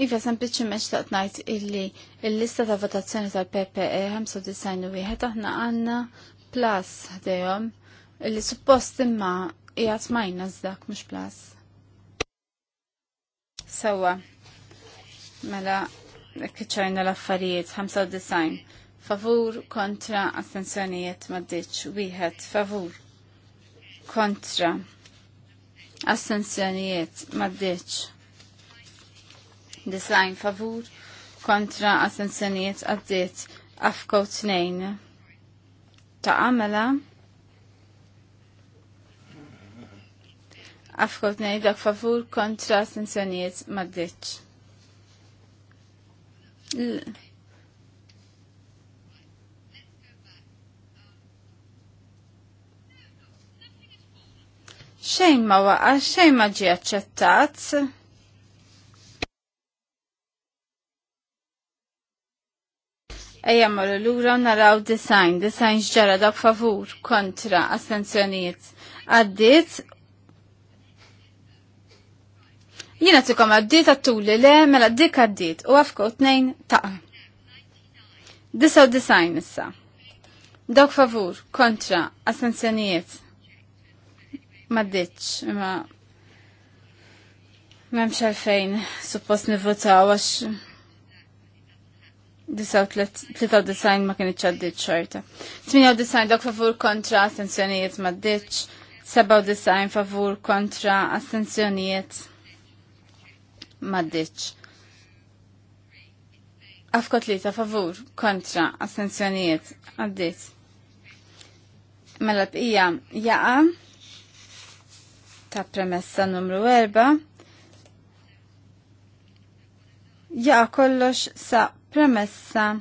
Iva, sempliċi meċ najt illi il-lista ta' votazzjoni tal-PPE 95 u wieħed aħna għanna plus dejjem li suppost imma jgħat minus dak mux plus. Sawa, mela kħiċajna l-affarijiet 95 favur kontra astensjonijiet maddiċ wieħed favur kontra astensjonijiet maddiċ design favur kontra astensjonijiet għaddiet afko 2 ta' għamela għafkot nejdak favur kontra sensjoniet maddeċ. Xejn ma waqa, xejn ma ġi aċċettat. Ejja marru lura naraw design, design ġara dok favur kontra astenzjoniet. Għaddit. Jina tikom għaddit li le, mela dik għaddit u għafko tnejn ta' Disaw design issa. Dok favur kontra astenzjonijiet. Maddiċ, imma memx għalfejn suppost nivvotaw għax design ma kienieċ għaddit xorta. 98 dok favur kontra astenzjonijiet ma ddiċ, 97 favur kontra astenzjonijiet ma ddiċ. Afkot li ta' favur kontra astenzjonijiet għaddit. Mela bqija jaqa ta' premessa numru 4. Ja kollox sa' Premessa.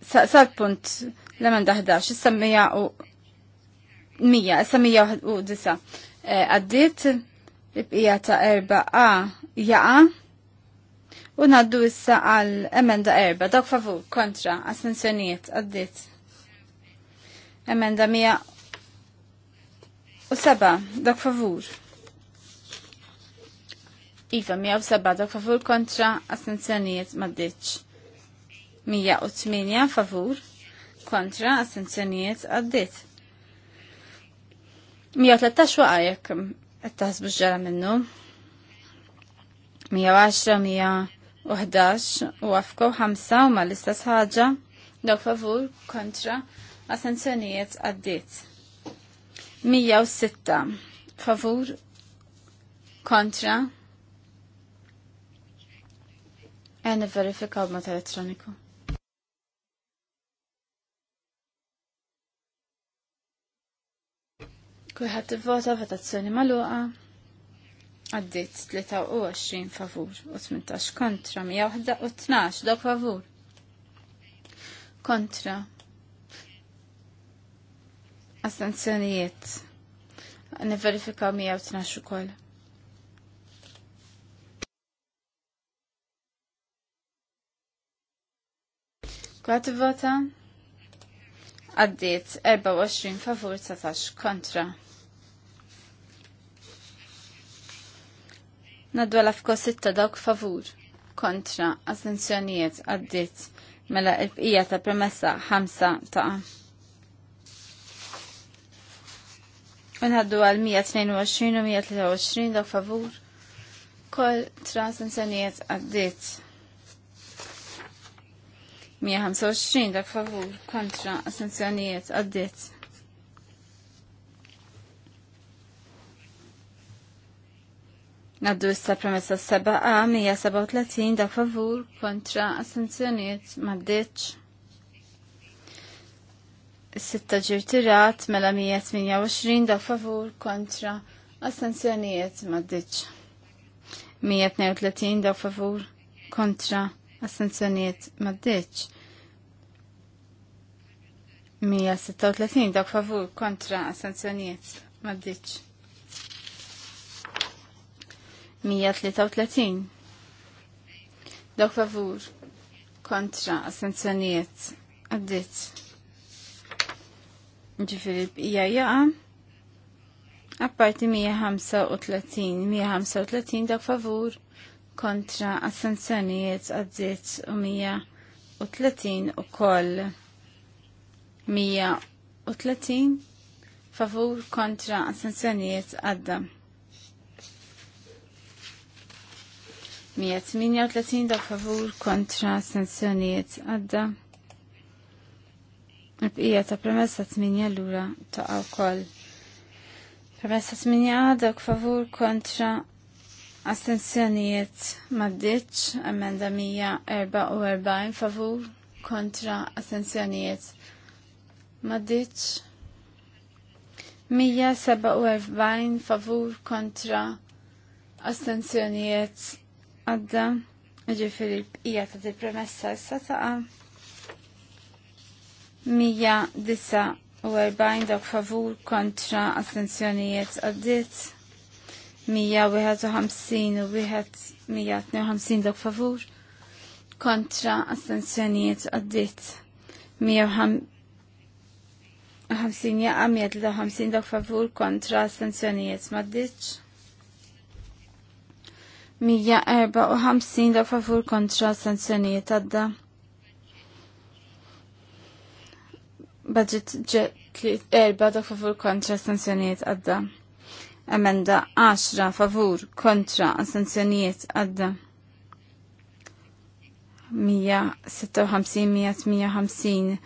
sa punt l-emenda 11, issa mija, issa disa e, Għaddit l-bqija ta' erba' a jaqa u naddu issa għal emenda erba' dawk favur, kontra, assenzjoniet, għaddit. Emenda mija u seba' dawk favur. Iva, 107 favur kontra astenzjonijiet maddiċ. 108 favur kontra astenzjonijiet għaddit. 113 waqa jekk qed taħsbu ġara minnu. 110, 111 u għafko 5 u ma l-istess ħaġa dawk favur kontra astenzjonijiet għaddit. 106 favur kontra Għan e verifikaw mat elettroniku. Kujħat t-vota votazzjoni maluqa. Għaddit 23 favur u 18 kontra, 112 dok favur. Kontra. Astanzjonijiet. Astenzjonijiet. verifika 112 u koll. Kwaħt vota għaddiet 24 favur 19 kontra. Nadwala l-afko 6 dawk favur kontra astenzjonijiet għaddiet mela il-bqija ta' premessa 5 ta' Unħaddu għal 122 u 123 dawk favur kontra astenzjonijiet għaddiet. 125 dak favur kontra assenzjonijiet għaddit. Naddu issa premessa 7a 137 dak favur kontra assenzjonijiet maddiċ. Sitta ġirtirat mela 128 dak favur kontra assenzjonijiet maddiċ. 132 dak favur kontra Assenzjoniet maddeċ. 136 dak favur kontra assenzjoniet maddeċ. 133 dak favur kontra assenzjoniet għaddit. Ġifiri bqija jaqa. Apparti 135, 135 dak favur kontra assenzjonijiet għaddit u 130 u koll 130 favur kontra assenzjonijiet għadda. 138 dak favur kontra assenzjonijiet għadda. Il-bqija ta' premessa 8 l-ura ta' għaw koll. Premessa 8 dak favur kontra Astenzjonijiet maddiċ, emenda 144 favur kontra astenzjonijiet maddiċ. 147 favur kontra astenzjonijiet għadda ġifiri ija ta' di premessa issa ta' 149 dawk favur kontra astenzjonijiet għaddiċ. 151 u 152 dak favur kontra astensjonijiet għaddit 150 jaqa 153 dok favur kontra astensjonijiet maddiċ 154 dok favur kontra astensjonijiet għadda budget 4 dok favur kontra astensjonijiet għadda Emenda 10 favur kontra sanzjonijiet għadda. 156-150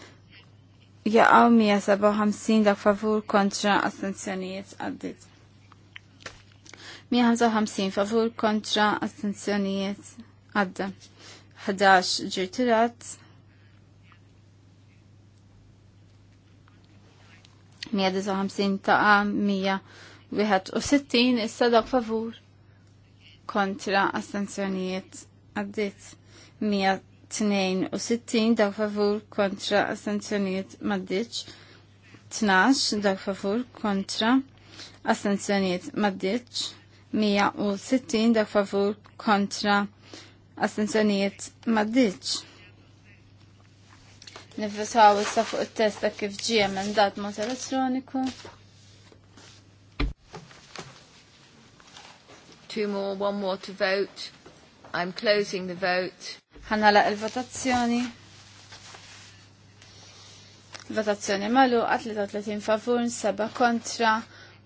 jaqaw 157 dak favur kontra sanzjonijiet għaddit. 155 favur kontra sanzjonijiet għadda. 11 ġirtirat. 159 taqa u sittin issa dak favur kontra astenzjonijiet għaddit sittin dak favur kontra astenzjonijiet maddiċ tnax dak favur kontra astenzjonijiet maddiċ 160 dak favur kontra astenzjonijiet maddiċ. Nivvisaw issa fuq it-testa kif ġie emendat mod elettroniku. Two more, one more to vote. I'm closing the vote. la il-votazzjoni. Votazzjoni malu, 33 favur, 7 kontra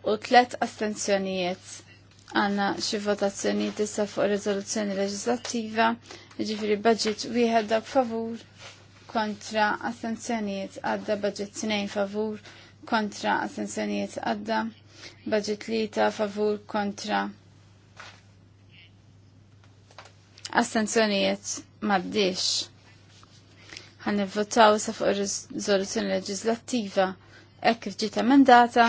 u 3 astenzjonijiet. Għanna xi votazzjoni tista fuq rezoluzzjoni leġislattiva, ġifiri budget wieħed dak favur kontra astenzjonijiet għadda budget 2 favur kontra astenzjonijiet għadda budget 3 favur kontra Astenzjonijiet bdiex. Għan votaw sa fuq il-rizoluzjoni leġislattiva ekk kif ġiet emendata.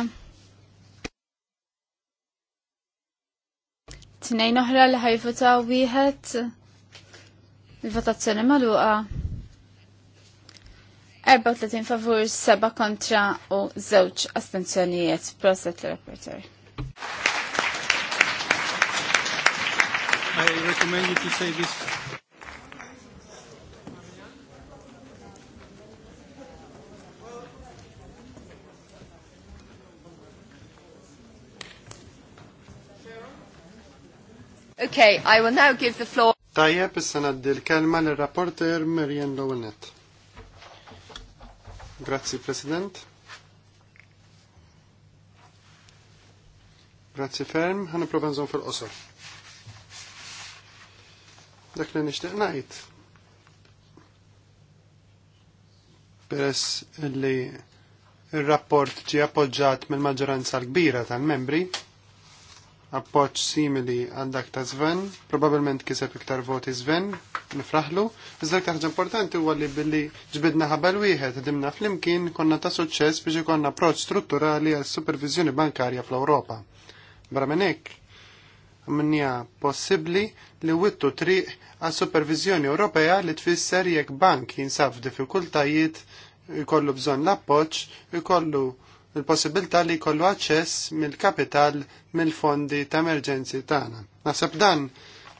Tnejn oħra li ħajvotaw wieħed il-votazzjoni magħluqa. 34 favur, 7 kontra u żewġ astenzjonijiet. Proset l-rapporter. I recommend you to say this. Okay, I will now give the floor. Tajjeb, issa naddi l-kelma l-rapporter Marian Lowenet. Grazzi, President. Grazzi ferm, ħana prova fil-qosor dak li nixtieq ngħid. Peress li il-rapport ġie appoġġat mill-maġġoranza l-kbira tal-membri, appoġġ simili għal dak ta' Sven, probabbilment kiseb iktar voti Sven, nifraħlu, iżda iktar aktar importanti huwa li billi ġbidna ħabel wieħed dimna flimkien konna ta' suċċess biex ikon approċċ strutturali għal supervizjoni bankarja fl-Ewropa. Barra minn hekk, possibbli li wittu triq għal supervizjoni Ewropea li tfisser jekk bank jinsab diffikultajiet jkollu bżonn l appoċ jkollu il-possibilità li jkollu aċċess mill-kapital mill-fondi ta' emerġenzi tagħna. Naħseb dan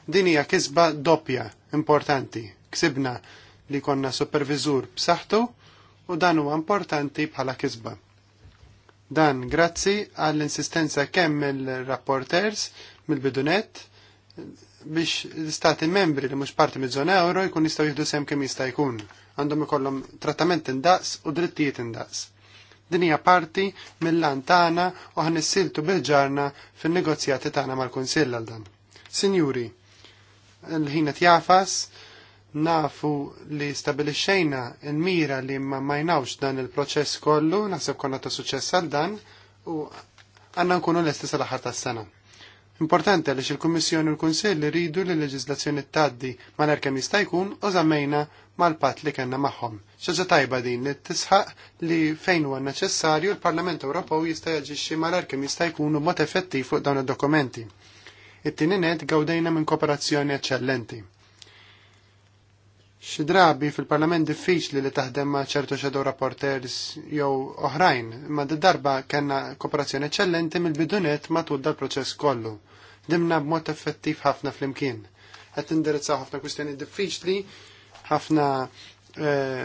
din hija kisba doppja importanti. Ksibna li konna supervizur b'saħħtu u dan huwa importanti bħala kisba. Dan grazzi għall-insistenza kemm mill-rapporters mill-bidunet biex l-istati membri li mhux parti mid-zona euro jkun jistgħu jieħdu sem kemm jista' jkun. Għandhom ikollhom trattament indaqs u drittijiet indaqs. Din hija parti mill-lan tagħna u ħanissiltu bil-ġarna fin-negozjati tagħna mal-Kunsill għal dan. Sinjuri, l-ħin qed jafas nafu li stabilixxejna l-mira li ma majnawx dan il-proċess kollu, naħseb konna ta' suċċess għal dan u għandna nkunu l-istess l-aħħar tas-sena. Importanti għaliex il-Kummissjoni u l-Kunsill iridu li l-leġiżlazzjoni tgħaddi malar kemm jista' jkun u żammejna mal pat li kellna magħhom. ċaġa tajba din li tisħaq li fejn huwa neċessarju l-Parlament Ewropew jista' jaġixxi malar kemm jista' jkun mod effettiv fuq dawn id-dokumenti. It-tieni gawdejna minn kooperazzjoni eċċellenti Xi drabi fil-Parlament diffiċli li taħdem ma' ċertu shadow rapporters jew oħrajn, imma darba kellna kooperazzjoni eċċellenti mill-bidunet matul dal-proċess kollu. Dimna b'mod effettiv ħafna flimkien. Għet indirizzaw ħafna kwistjoni diffiċli, ħafna eh,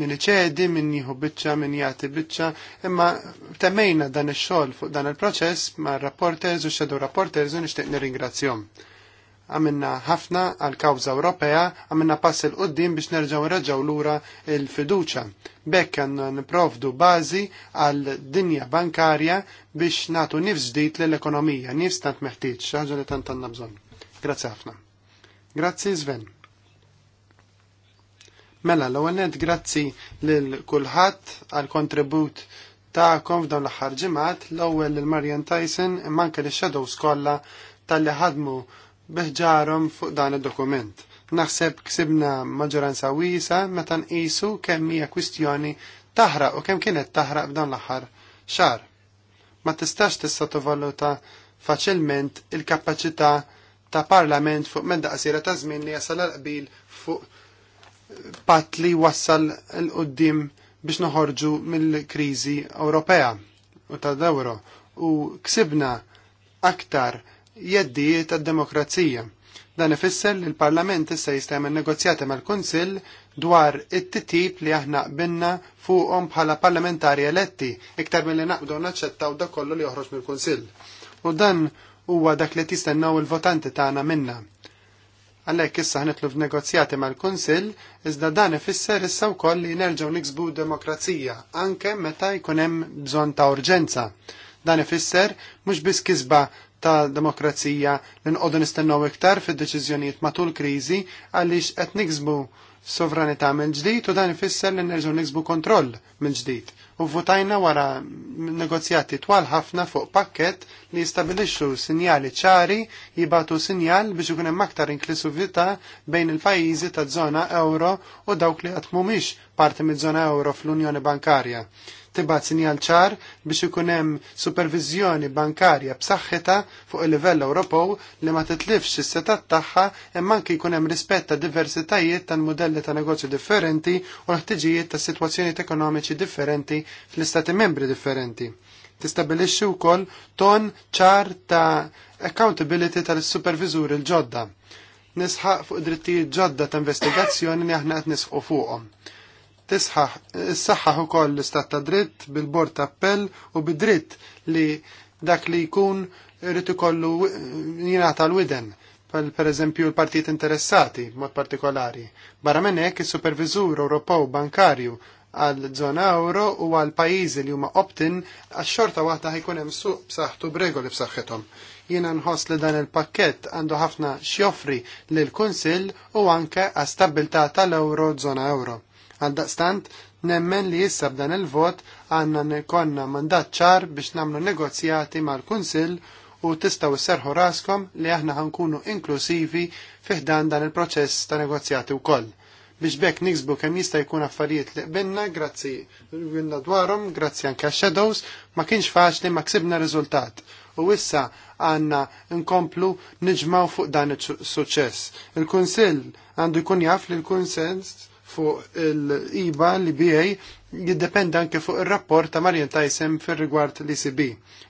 minn iċedi, min jieħu biċċa, min jagħti biċċa, imma temmejna dan ix-xogħol fuq dan il-proċess ma' rapporters u x-xedu rapporters u nixtieq ringrazzjom għamilna ħafna għal kawża Ewropea, għamilna pass il qoddim biex nerġaw raġaw lura il-fiduċa. Bekk għanna niprovdu bażi għal dinja bankarja biex natu nifs ġdid l-ekonomija, nifs tant meħtieġ, ħaġa li tant għanna bżonn. Grazzi ħafna. Grazzi Sven. Mela, l-ewwel grazzi lil kulħadd għal kontribut ta'kom f'dawn l-aħħar ġimgħat, l-ewwel l Marian Tyson imma anke l-Shadows kollha tal-li ħadmu beħġarom fuq dan id-dokument. Naħseb ksibna maġġoranza wiesa meta nqisu kemm hija kwistjoni taħraq u kemm kienet taħraq b'dan l-aħħar xar. Ma tistax tistatovaluta faċilment il-kapaċità ta' parlament fuq medda qasira ta' żmien li jasal qbil fuq pat li wassal l-qoddim biex noħorġu mill-kriżi Ewropea u ta' dawro u ksibna aktar jeddijiet tad-demokrazija. Dan ifisser li l-Parlament issa jista' jagħmel negozjati mal-Kunsill dwar it titip li aħna qbilna fuqhom bħala parlamentari eletti iktar milli naqbdu naċċettaw dak kollu li joħroġ mill-Kunsill. U dan huwa dak li tistennaw il-votanti tagħna minna. Għalhekk issa ħnitlu f'negozjati mal-Kunsill iżda dan ifisser issa wkoll li nerġgħu niksbu demokrazija anke meta jkun hemm bżonn ta' urġenza. Dan ifisser mhux biss kisba ta' demokrazija li nqogħdu nistennew iktar fid-deċiżjonijiet matul kriżi għaliex qed niksbu sovranità minn ġdid u dan ifisser li nerġgħu niksbu kontroll minn ġdid. U votajna wara negozjati twal ħafna fuq pakket li jistabilixxu sinjali ċari jibatu sinjal biex ikun hemm aktar inklusività bejn il-pajjiżi taż-żona euro u dawk li qatt mhumiex parti miż-żona euro fl-Unjoni Bankarja tibgħat sinjal ċar biex ikun hemm supervizjoni bankarja b'saħħitha fuq il-livell Ewropew li ma titlifx is-setat tagħha imma anke jkun hemm rispett ta' diversitajiet tal-modelli ta' negozju differenti u l-ħtiġijiet ta' sitwazzjoni ekonomiċi differenti fl-istati membri differenti tistabilixxi wkoll ton ċar ta' accountability tal-supervizur il-ġodda. Nisħaq fuq drittijiet ġodda ta' investigazzjoni li aħna qed nisħu fuqhom u koll l-istat ta' dritt bil-bord ta' appell u bid-dritt li dak li jkun rrit ikollu jingħata l-widen pal per eżempju l-partijiet interessati mod partikolari. Barra minn hekk is-Superviżur Ewropew Bankarju għal żona euro u għal pajjiżi li huma opt-in għax-xorta waħda ħajkun hemm suq b'saħħtu b'regoli b'saħħithom. Jiena nħoss li dan il-pakkett għandu ħafna xjoffri lil kunsill u anke għas stabilità tal-euro żona euro. Għaldaqstant, nemmen li issa b'dan il-vot għanna konna mandat ċar biex namlu negozjati mal-Kunsill u tistaw serħu raskom li aħna ħankunu inklusivi fiħdan dan il-proċess ta' negozjati u koll. Biex bekk niksbu kem jista' jkun affarijiet li qbinna, grazzi għinna dwarhom, grazzi anke shadows ma kienx faċli ma ksibna riżultat. U issa għanna nkomplu niġmaw fuq dan il-suċess. Il-Kunsill għandu jkun jaf li l-Kunsens fuq il-IBA li BA jiddependa anke fuq ir-rapport ta' Marjan Tajsem fir-rigward l-ECB.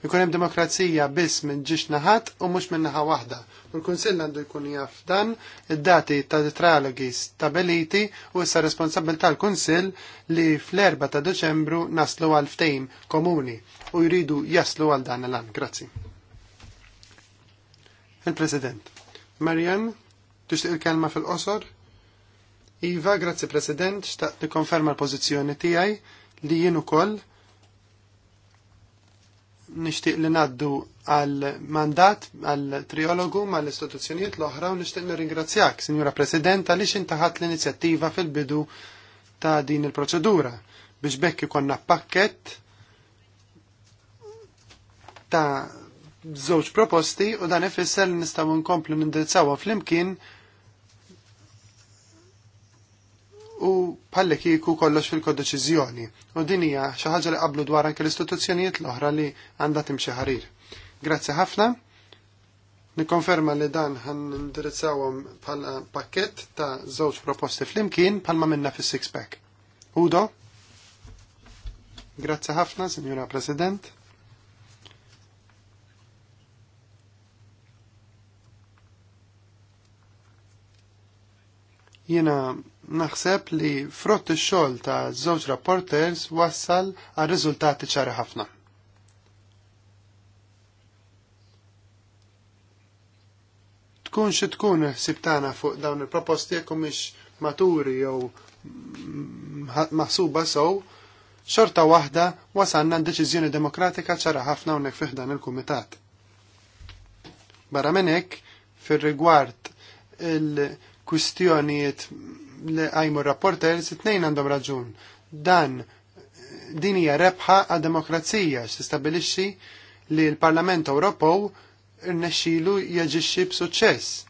Ikun hemm demokrazija biss minn ġiex naħat u mhux minn naħa waħda. U l-Kunsill għandu jkun jaf dan id-dati ta' trialogi stabiliti u issa responsabilità l-Kunsill li fl-4 ta' Deċembru naslu għal ftejm komuni u jridu jaslu għal dan l-an. Grazzi. Il-President. Marjan tixtieq il-kelma fil-qosor? Iva, grazzi President, xtaqt konferma l-pozizjoni tijaj li jien ukoll nixtieq li naddu għal mandat għal triologu mal istituzzjonijiet l-oħra u nixtieq nirringrazzjak, Signora President, għaliex intaħat l-inizjattiva fil-bidu ta' din il-proċedura biex bekk ikonna pakket ta' żewġ proposti u dan ifisser li nistgħu nkomplu nindirizzawha flimkien u palli kieku kollox fil kodeċizjoni u din hija xi ħaġa li qablu dwar anke l-istituzzjonijiet l-oħra li għandha timxi ħarir. Grazzi ħafna. Nikkonferma li dan għan indirizzawhom bħala pakkett ta' żewġ proposti flimkien bħalma minna fis-six pack. Udo? Grazzi ħafna, Signora President. Jena naħseb li frott ix-xogħol ta' żewġ rapporters wassal għal riżultati ċari ħafna. Tkun xi tkun ħsib fuq dawn il-proposti jekk mhix maturi jew maħsuba sew, xorta waħda wasalna deċiżjoni demokratika ċara ħafna hawnhekk fih dan il-kumitat. Barra minn hekk fir-rigward il-kwistjonijiet għajmu rapporters, it-nejn għandhom raġun. Dan din hija rebħa għad-demokrazija s-istabilixi li l-Parlament Ewropew irnexxielu jaġixxi b'suċċess.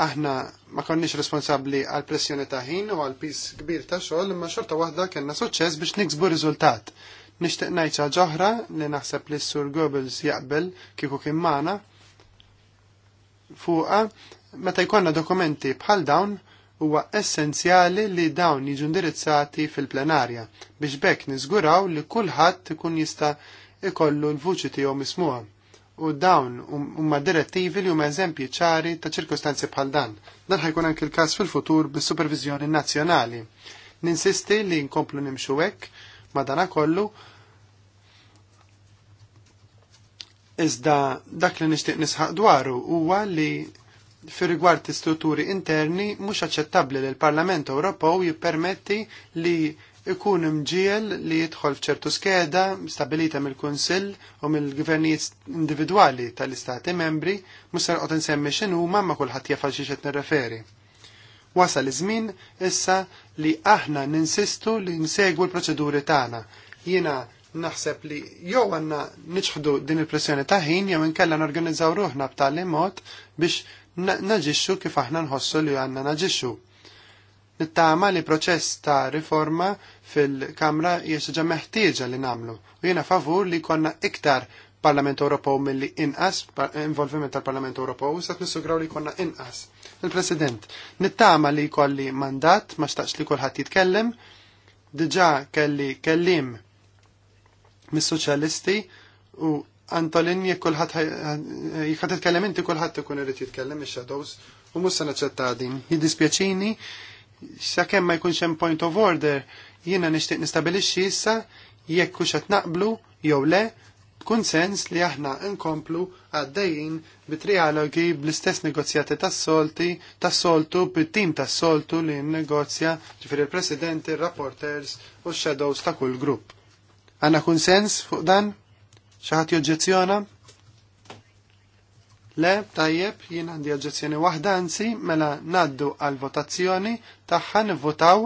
Aħna ma konniex responsabbli għal pressjoni ta' ħin u għal pis kbir ta' xogħol, imma xorta waħda kellna suċċess biex niksbu riżultat. Nixtieq ngħid xi ġoħra li naħseb li s-Sur Goebbels jaqbel kieku kien magħna fuqa meta jkollna dokumenti bħal dawn huwa essenzjali li dawn jiġu indirizzati fil-plenarja biex bekk niżguraw li kulħadd ikun jista' ikollu l-vuċi tiegħu mismuha. U dawn um-, huma direttivi li huma eżempji ċari ta' ċirkostanzi bħal dan. Dan ħajkun anke l-każ fil-futur bis-supervizjoni nazzjonali. Ninsisti li nkomplu nimxu hekk madanakollu Iżda dak li nixtieq nisħaq dwaru huwa li fir rigward istrutturi interni mhux aċċettabbli li l-Parlament Ewropew jippermetti li ikun imġiel li jidħol f'ċertu skeda stabilita mill-Kunsill u mill-gvernijiet individwali tal-istati membri mhux se noqgħod insemmi x'inhuma ma kulħadd jafal xi qed nirreferi. Wasal iż-żmien issa li aħna ninsistu li nsegwu l-proċeduri tagħna. Jiena naħseb li jew għanna niċħdu din il-pressjoni ta' ħin jew inkella norganizzaw ruħna b'tali mod biex naġixxu kif aħna nħossu li għandna naġixxu. Nittama li proċess ta' riforma fil-Kamra hija meħtieġa li nagħmlu u jiena favur li konna iktar Parlament Ewropew milli inqas involviment tal-Parlament Ewropew sa nissugraw li konna inqas. Il-President, nittama li jkolli mandat ma xtaqx li kulħadd jitkellem, diġà kelli kellim mis-soċjalisti u Antolin jekk kulħadd jekk inti kulħadd ikun irid jitkellem ix-shadows u mhux se naċċetta din. Jiddispjaċini sakemm ma jkunx hemm point of order jiena nixtieq nistabilixxi issa jekk hux qed naqblu jew le kun sens li aħna nkomplu għaddejjin bit-trialogi bl-istess negozjati tas-solti, tas-soltu, bit-tim tas-soltu li negozja ġifir il-presidenti, il-rapporters u shadows ta' kull grupp. Għanna kun sens fuq dan? ħadd joġġezzjona? Le, tajjeb, jien għandi oġġezzjoni waħda anzi mela ngħaddu għal votazzjoni tagħha votaw,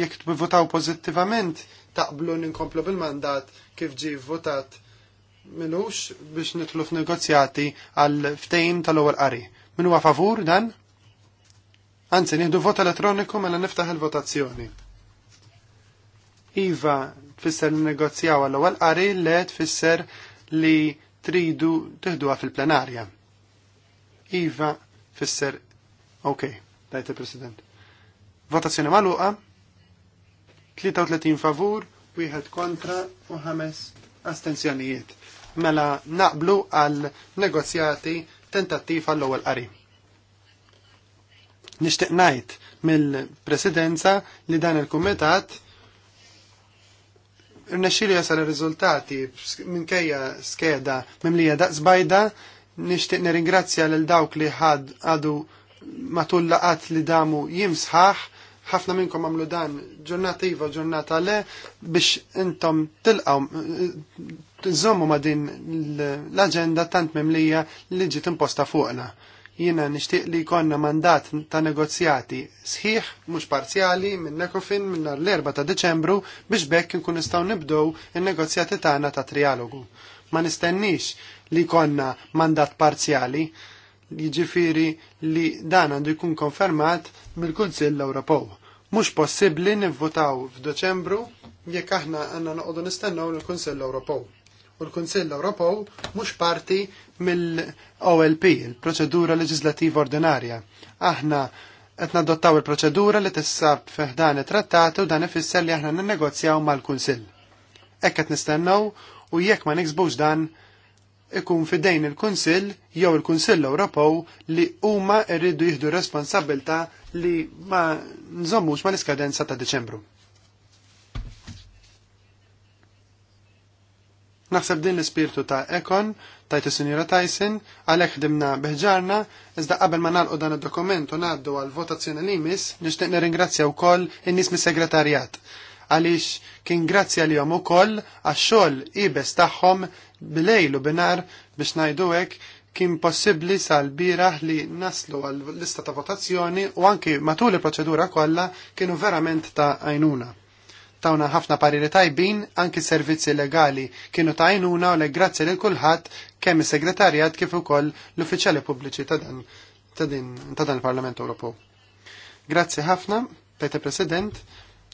jekk votaw pożittivament taqblu ninkomplu bil-mandat kif ġi votat minux biex nitlu f'negozjati għal ftejn tal-ewwel qari. Min huwa favur dan? Anzi, nieħdu vot elettroniku mela niftaħ il-votazzjoni. Iva tfisser negozjaw għall ewwel qari le tfisser li tridu tiħduha fil-plenarja. Iva tfisser ok, dajt il-President. Votazzjoni magħluqa 33 favur, wieħed kontra u ħames astenzjonijiet. Mela naqblu għal negozjati tentattiv għall ewwel qari. Nixtieq ngħid mill-Presidenza li dan il-Kumitat Rnexxili jasal ir-riżultati minkejja skeda mimlija daqsbajda, nixtieq nirringrazzja lil dawk li ħad għadu matul laqat li damu jimsħaħ ħafna minnkom għamlu dan ġurnata iva ġurnata le biex intom tilqaw tżommu eh, ma din l-agenda tant memlija li ġiet imposta fuqna. Jiena nixtieq li jkollna mandat ta' negozjati sħiħ, mhux parzjali, minn Nekofin minn l-4 ta' Deċembru biex bekk nkun nistgħu nibdew in-negozjati tagħna ta' trialogu. Ma nistennix li jkollna mandat parzjali, jiġifieri li dan għandu jkun konfermat mill-Kunsill Ewropew. Mhux possibbli nivvotaw f'Deċembru jekk aħna għandna noqogħdu nistennew lill-Kunsill Ewropew u l-Kunsill Ewropew mhux parti mill-OLP, il-Proċedura Leġislativa Ordinarja. Aħna qed nadottaw il-proċedura li tissab dan it-trattat u dan ifisser li aħna ninnegozjaw mal-Kunsill. Hekk qed nistennew u jekk ma niksbux dan ikun fidejn il-Kunsill jew il-Kunsill Ewropew li huma rridu jieħdu responsabilta li ma nżommux mal iskadenza ta' Deċembru. Naħseb din l-ispirtu ta' Ekon, tajtu Sinjura Tyson, għalek ħdimna beħġarna, iżda qabel ma nalqu dan id-dokument u naddu għal votazzjoni li jmiss, nixtieq nirringrazzja wkoll in-nies mis-segretarjat għaliex kien grazzja li jom ukoll għax-xogħol ibes tagħhom bilejlu binar biex ngħidu hekk kien possibbli sal-biraħ li naslu għal lista ta' votazzjoni u anki matul il-proċedura kollha kienu verament ta' għajnuna tawna ħafna pariri tajbin, anki servizzi legali kienu tajnuna u grazzi lil kulħadd kemm is-segretarjat kif ukoll l-uffiċjali pubbliċi ta' dan il-Parlament Ewropew. Grazzi ħafna, Peter President,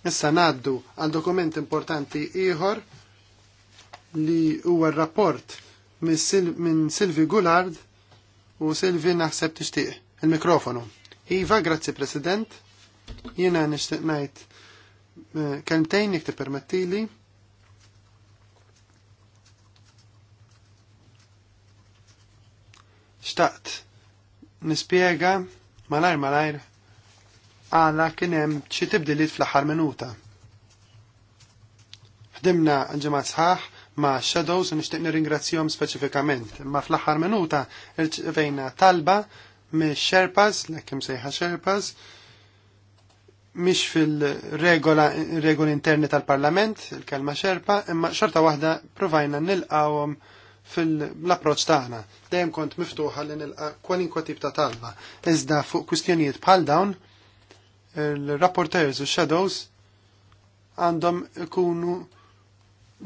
issa naddu għal dokument importanti ieħor li huwa r-rapport minn Silvi Gullard u Silvi naħseb tixtieq il-mikrofonu. Iva, grazzi President, jiena nixtieq ngħid kelmtejn jek permettili. Xtaqt nispiega malajr malajr għala hemm xi tibdiliet fl-aħħar minuta. Ħdimna ġimgħat sħaħ ma' Shadows u nixtieq nirringrazzjahom speċifikament, imma fl-aħħar minuta irċevejna talba mix-Sherpas, l-ekkim sejħa Sherpas, -sherpas mish fil-regola regoli interni tal-parlament, il-kelma xerpa, imma xorta wahda provajna nilqawom fil-approċ taħna. Dejjem kont miftuħa li nilqa kwalinkwa tip ta' talba. Iżda fuq kustjonijiet bħal dawn, il-rapporters u shadows għandhom ikunu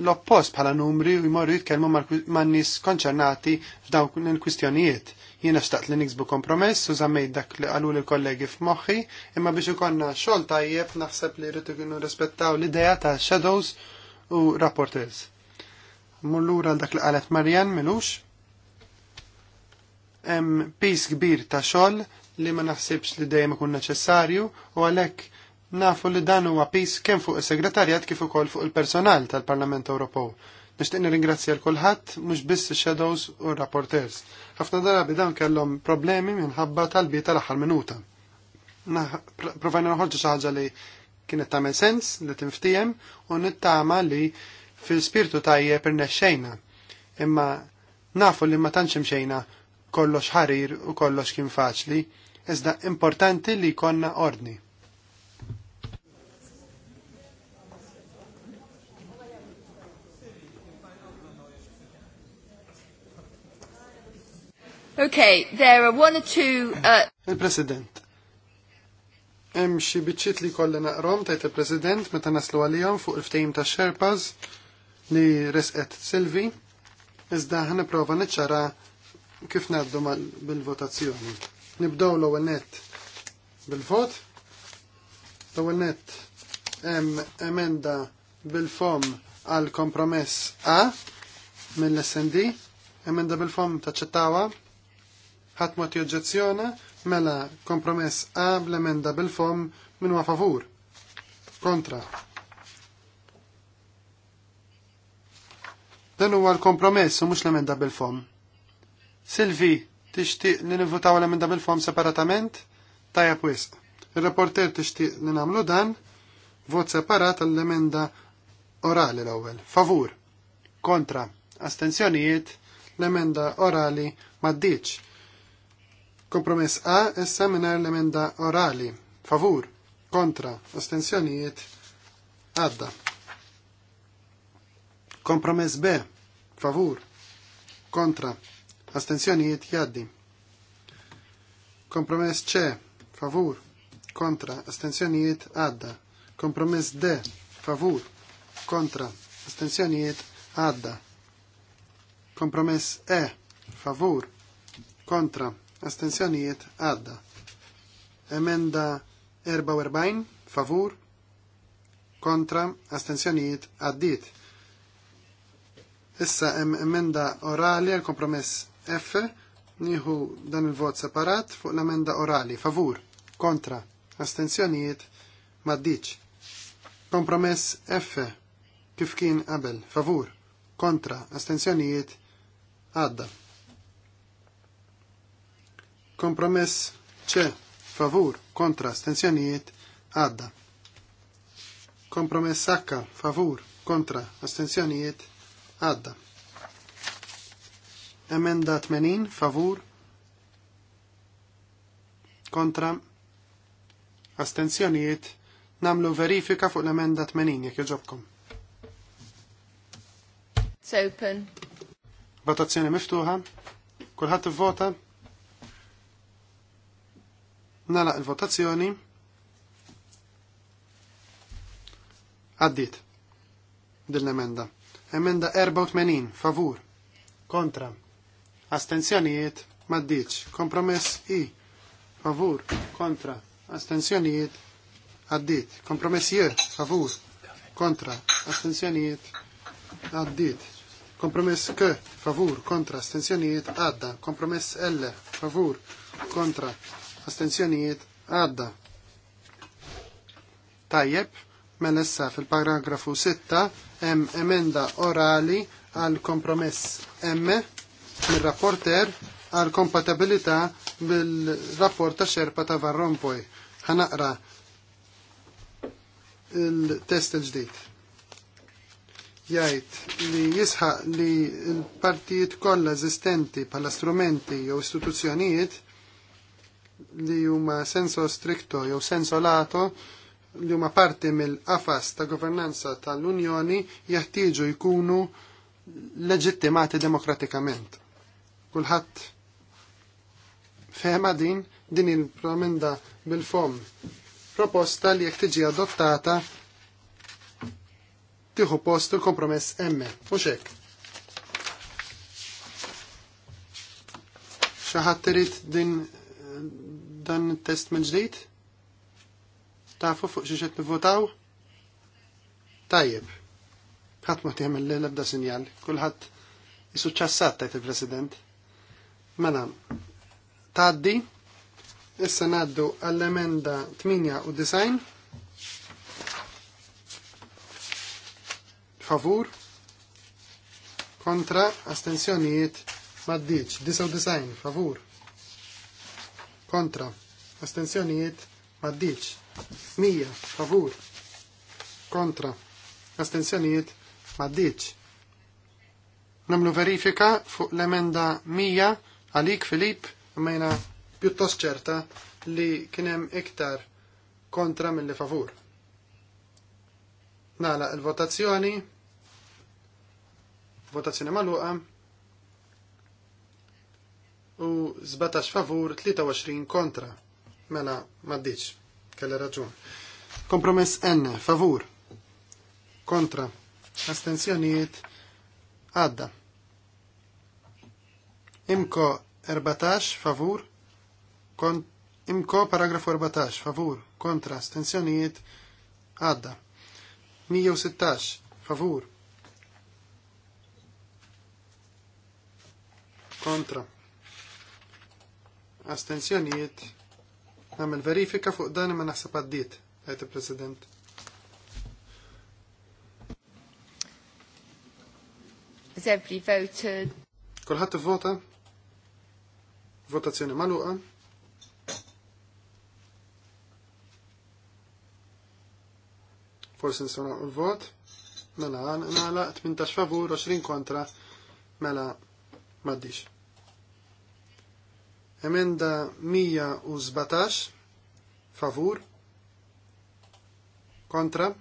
l-oppost bħala numri u jmorru jitkellmu man-nies konċernati f'dawn il-kwistjonijiet Jiena xtaqt li niksbu kompromess u zammejt dak li għalu li kollegi f'moħħi, imma biex ikonna xogħol tajjeb naħseb li rritu kienu rispettaw l-idea ta' shadows u rapporters. Mullura dak li qalet Marjan Milux. Hemm pis kbir ta' xogħol li ma naħsibx li dejjem ikun neċessarju u għalhekk nafu li dan huwa pis kemm fuq is-segretarjat kif ukoll fuq il-personal tal-Parlament Ewropew Nishtiqni ringrazzja l-kulħadd mhux biss shadows u rapporters. Ħafna darabi dawn kellhom problemi minħabba talbi tal-aħħar minuta. Provajna noħorġu xi ħaġa li kienet tagħmel sens li tinftijem u nittama li fil-spirtu tajjeb irnexxejna. Imma nafu li ma tantx imxejna kollox ħarir u kollox kien faċli, iżda importanti li jkollna ordni. Okay, there are one or two... Uh... Il-President. Hemm xi biċċiet li kollha naqrom tajt il-President meta naslu għalihom fuq il-ftehim ta' Sherpas li resqet Silvi. Iżda ħa nipprova niċċara kif ngħaddu bil-votazzjoni. Nibdew l-ewwel nett bil-vot. L-ewwel nett hemm emenda bil-fom għal kompromess A mill-SND. Emenda bil-fom taċċettawa ħadd ma joġġezzjona mela kompromess A l emenda bil-fom minn huwa favur. Kontra. Dan huwa l-kompromess u mhux l-emenda bil-fom. Silvi, tixtieq li nivvutaw l-emenda bil-fom separatament? Tajja wisq. Il-reporter tixtieq li nagħmlu dan vot separat l-emenda orali l-ewwel. Favur. Kontra. Astenzjonijiet l-emenda orali maddiċ Kompromess A issa minar l-emenda orali. Favur, kontra, astensjonijiet, għadda. Kompromess B, favur, kontra, astensjonijiet, jaddi. Kompromess C, favur, kontra, astensjonijiet, għadda. Kompromess D, favur, kontra, astensjonijiet, għadda. Kompromess E, favur, kontra, Astenzjonijiet għadda. Emenda 44 favur kontra astensjonijiet għaddit. Issa hemm emenda orali għal kompromess F nieħu dan il-vot separat fuq l-emenda orali favur kontra astenzjonijiet maddiċ. Kompromess F kif kien qabel favur kontra astensjonijiet għadda. Kompromess ċe favur kontra astenzjonijiet għadda. Kompromess sakka, favur kontra astenzjonijiet għadda. Emenda 80 favur kontra astenzjonijiet namlu verifika fuq l-emenda 80 jekk joġobkom. It's open. Votazzjoni miftuħa. Kulħadd ivvota. Nalaq il-votazzjoni. Addit Dill-emenda. Emenda 84, favur. Kontra. Astenzjonijiet, maddiċ. Kompromess I. Favur. Kontra. Astenzjonijiet, addit. Kompromess i. favur. Kontra. Astenzjonijiet, addit. Kompromess K, favur. Kontra. Astenzjonijiet, Adda. Kompromess L, favur. Kontra astenzjonijiet għadda. Tajjeb, melessa fil-paragrafu 6 hemm emenda orali għal kompromess M mir-rapporter għal kompatibilità bil-rapport ta' xerpa ta' Varrompoj. Ħanaqra il-test il-ġdid. Jgħid li jisħaq li l-partijiet kollha eżistenti bħala strumenti jew istituzzjonijiet li huma senso stricto jew senso lato li huma parti mill-qafas ta' governanza tal-Unjoni jeħtieġu jkunu leġittimati demokratikament. Kulħadd fehma din din il-promenda bil-fom proposta li jekk tiġi adottata tieħu post il-kompromess emme, mhux hekk. Xi ħadd din dan il-test mill Tafu fuq xi xed nivvotaw? Tajjeb. Ħadd ma tieħmel l-ebda sinjal, kulħadd ċassat tajt il-President. Mela, tgħaddi, issa ngħaddu għall-emenda design. favur kontra astensjonijiet maddiċ 99 favur kontra, astenzjonijiet maddiċ. Mija favur, kontra, astenzjonijiet maddiċ. Namlu verifika fuq l-emenda Mija għalik Filip għamajna pjuttost ċerta li kienem iktar kontra mill-li favur. Nala il-votazzjoni, votazzjoni maluqa, u 17 favur 23 kontra. Mela, maddiċ, kelle raġun. Kompromess N, favur, kontra, astenzjoniet, għadda. Imko 14, favur, kon, imko paragrafu 14, favur, kontra, astenzjoniet, għadda. 116, favur, kontra, astenzjonijiet, namel verifika fuq dan ma naħseb għaddit, għajt il-President. Is every voted? Kolħat vota? Votazzjoni maluqa? Forse nisona u l-vot? Mela, nala 18 favur, 20 kontra, mela, maddix. Emenda 117 favur kontra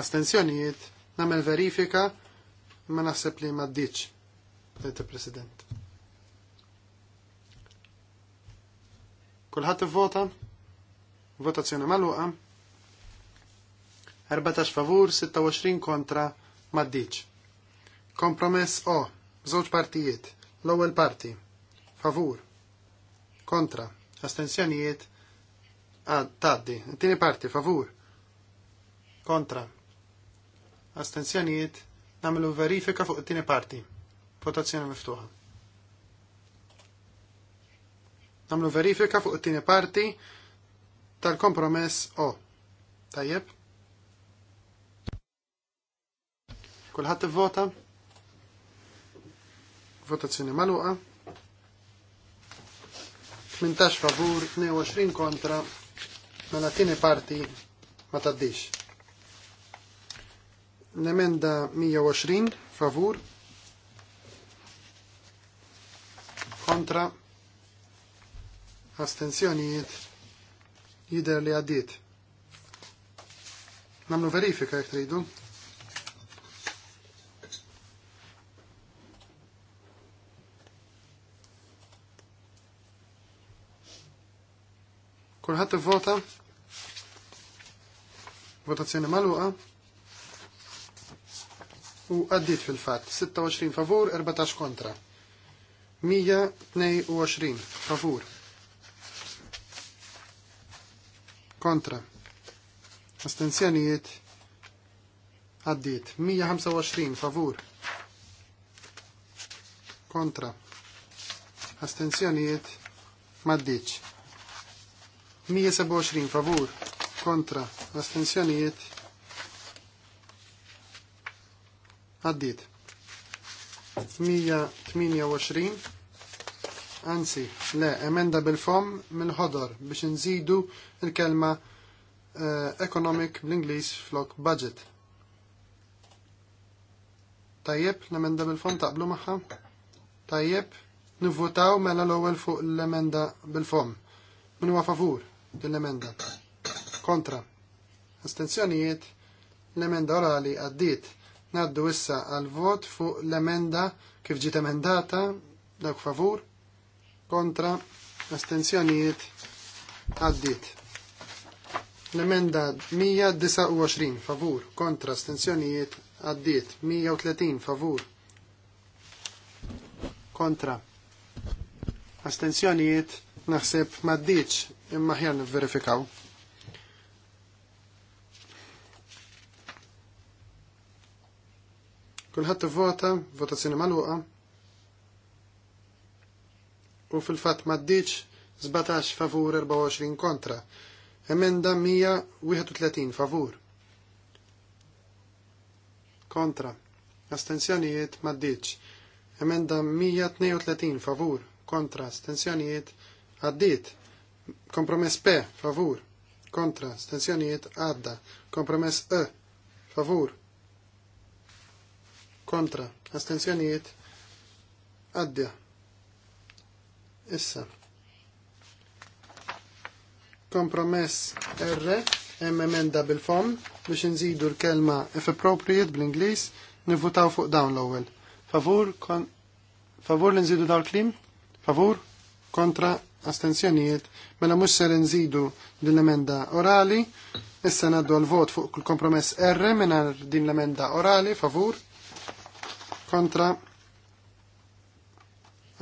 astenzjonijiet namel verifika ma naħseb li ma ddiċ tajt president Kulħadd ivvota votazzjoni magħluqa 14 favur 26 kontra ma ddiċ Kompromess O żewġ partijiet l-ewwel parti favur, kontra, astensjonijiet, ah, taddi, tini parti, favur, kontra, astensjonijiet, namlu verifika fuq tini parti, votazzjoni miftuħa. Namlu verifika fuq tini parti tal-kompromess O. Tajjeb? Kulħat vota? Votazzjoni maluqa? 18 favur, 22 kontra, mela tini parti ma taddix. L-emenda 120 favur, kontra, astenzjonijiet, jider li għaddiet. Namlu verifika jek tridu. Kulħadd ivvota. Votazzjoni magħluqa. U għaddit fil-fatt 26 favur, 14 kontra. 122 favur. Kontra. Astenzjonijiet għaddit 125 favur. Kontra. Astenzjonijiet maddiċ. 127 favur kontra astensjonijiet għaddit 128 anzi le emenda bil-fom mill-ħodor biex nżidu il-kelma uh, economic bl-Inglis flok budget tajjeb l-emenda bil-fom taqblu maħħa tajjeb nivvotaw mela l-ewwel fuq l-emenda bil-fom min huwa favur din l-emenda. Kontra. Astenzjonijiet. L-emenda orali għaddit, Naddu issa għal vot fuq l-emenda kif ġiet emendata. Dawk favur. Kontra. Astenzjonijiet għaddit. L-emenda 129 favur kontra astenzjonijiet għaddit. 130 favur kontra astenzjonijiet naħseb maddiċ imma ħjar nivverifikaw. Kulħadd ivvota, votazzjoni magħluqa. U fil-fatt maddiċ 17 favur 24 kontra. Emenda 131 favur. Kontra. Astenzjonijiet maddiċ. Emenda 132 favur. Kontra. Astenzjonijiet għaddiet. Kompromess P, favur, kontra, stenzjonijiet għadda. Kompromess E, favur, kontra, astenzjonijiet għadda. Issa. Kompromess R, emmenda bil-fom biex nżidu l-kelma if appropriate bl-Inglis nivvutaw fuq dawn l ewel Favur, kon... favur l nżidu dawn klim? Favur, kontra astenzjonijiet, mela mhux ser nżidu din l-emenda orali, issa naddu għal vot fuq il-kompromess R mingħajr din l-emenda orali favur kontra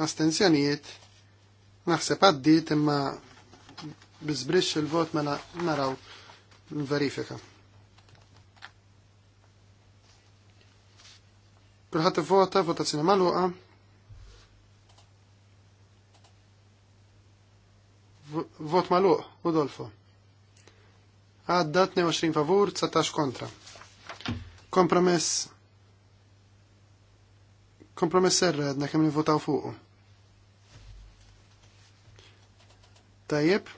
astenzjonijiet naħseb għaddit imma bizbrix il-vot mela naraw verifika. Kulħadd ivvota, votazzjoni magħluqa. Vot maluq, Udolfo. Għadda 22 favur, 19 kontra. Kompromess. Kompromess serra għadna kemm votaw fuqu. Tajjeb.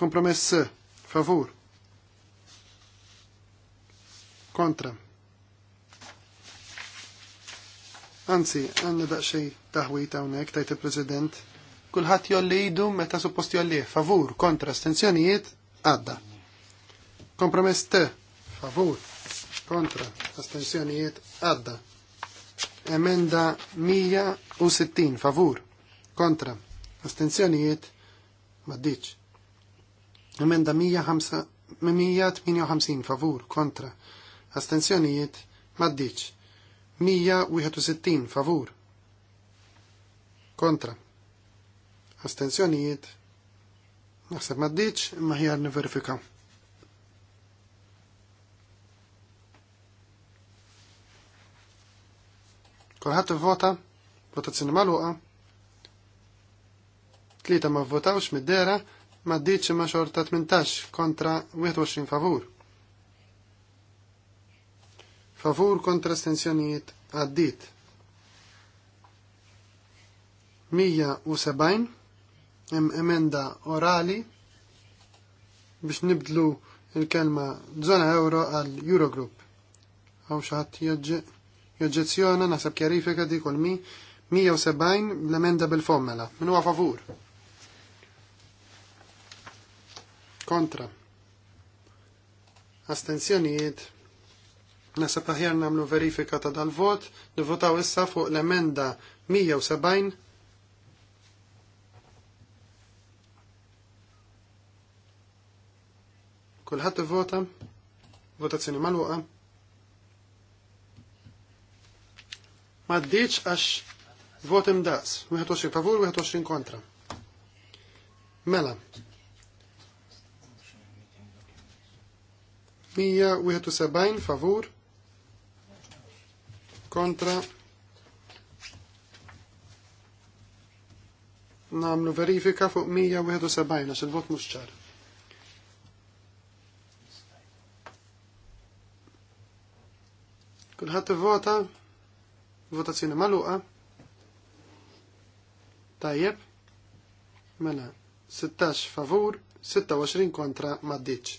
Kompromess favur. Kontra. Anzi, għanna daqxej taħwita unek tajt il-President kulħadd jolli idu meta suppost jolli favur kontra astenzjonijiet għadda. Kompromess te favur kontra astenzjonijiet għadda. Emenda 160 favur kontra astenzjonijiet maddiċ. Emenda 158 favur kontra. Astenzjonijiet maddiċ. 161 favur. Kontra astenzjonijiet, naħseb maddiċ imma ħjar niverifika. Kolħat vota, votazzjoni maluqa, tlita ma votawx mid-dera, maddiċ imma xorta 18 kontra 21 favur. Favur kontra astenzjonijiet għaddit. 170 hemm emenda orali biex nibdlu il-kelma zona euro għal Eurogroup. Għaw xaħat joġġezzjona nasab kjarifika di kol mi 170 bl-emenda bil-fommela. Minu huwa favur. Kontra. Astenzjonijiet. Nasab aħjar namlu verifika ta' dal-vot, nivotaw issa fuq l-emenda 170 Kulħadd ivvota. Votazzjoni magħluqa. Ma ddiċ għax vot imdaqs. 21 favur, 21 kontra. Mela. 171 favur kontra namlu verifika fuq 171 għax il-vot mhux ċar. Kulħat vota Votazzjoni magħluqa. Tajjeb. Mela, 16 favur, 26 kontra maddiċ.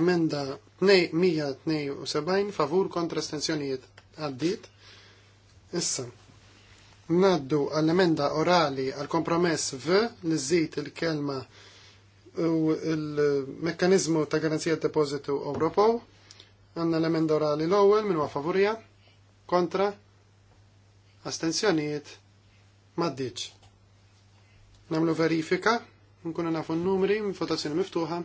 Emenda 172 favur kontra estensjonijiet għaddit. Issa, naddu għall-emenda orali għal-kompromess V li zzit il-kelma u il-mekkanizmu ta' garanzija depozitu Ewropew Għanna l-emenda orali l-ewwel minn favorija, kontra, Astenzjonijiet? maddiċ. Namlu verifika, nkunu nafu n-numri, votazzjoni miftuħa.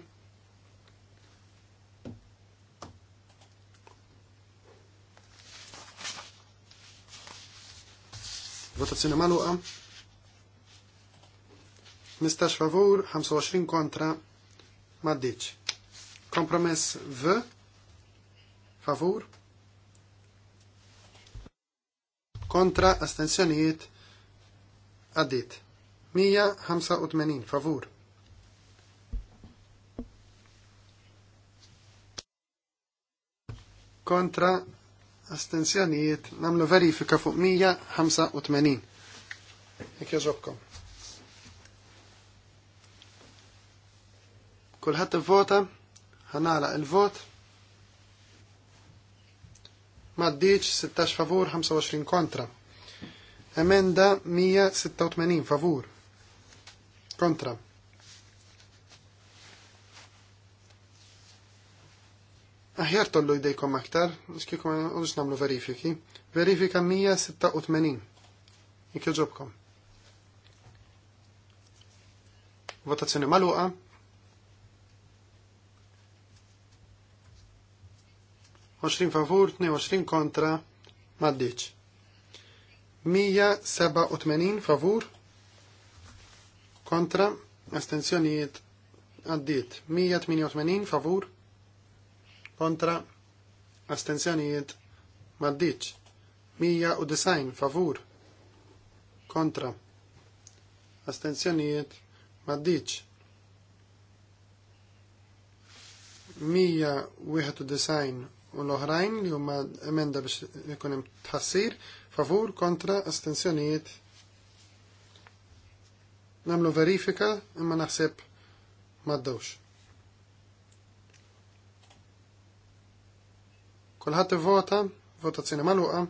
Votazzjoni maluqa. Nistax favur, 25 kontra, maddiċ. Kompromess V, favur kontra astensjonijiet għaddit 185 favur kontra astensjonijiet namlu verifika fuq 185 jek jazokkom il vota ħanala il-vot maddiċ 16 favur 25 kontra. Emenda 186 favur kontra. Aħjar tollu jdejkom aktar, xkikom uġ namlu verifiki. Verifika 186. Ikjoġobkom. Votazzjoni maluqa. 20 favur, 22 kontra, maddiċ. 187 favur, kontra, astenzjoniet, għaddit. 188 favur, kontra, astenzjonijiet maddiċ. 190 favur, kontra, astenzjonijiet maddiċ. 191 u l-oħrajn li huma emenda biex ikun hemm tħassir favur kontra astensjonijiet. Nagħmlu verifika imma naħseb m'għaddewx. Kulħadd ivvota, votazzjoni magħluqa.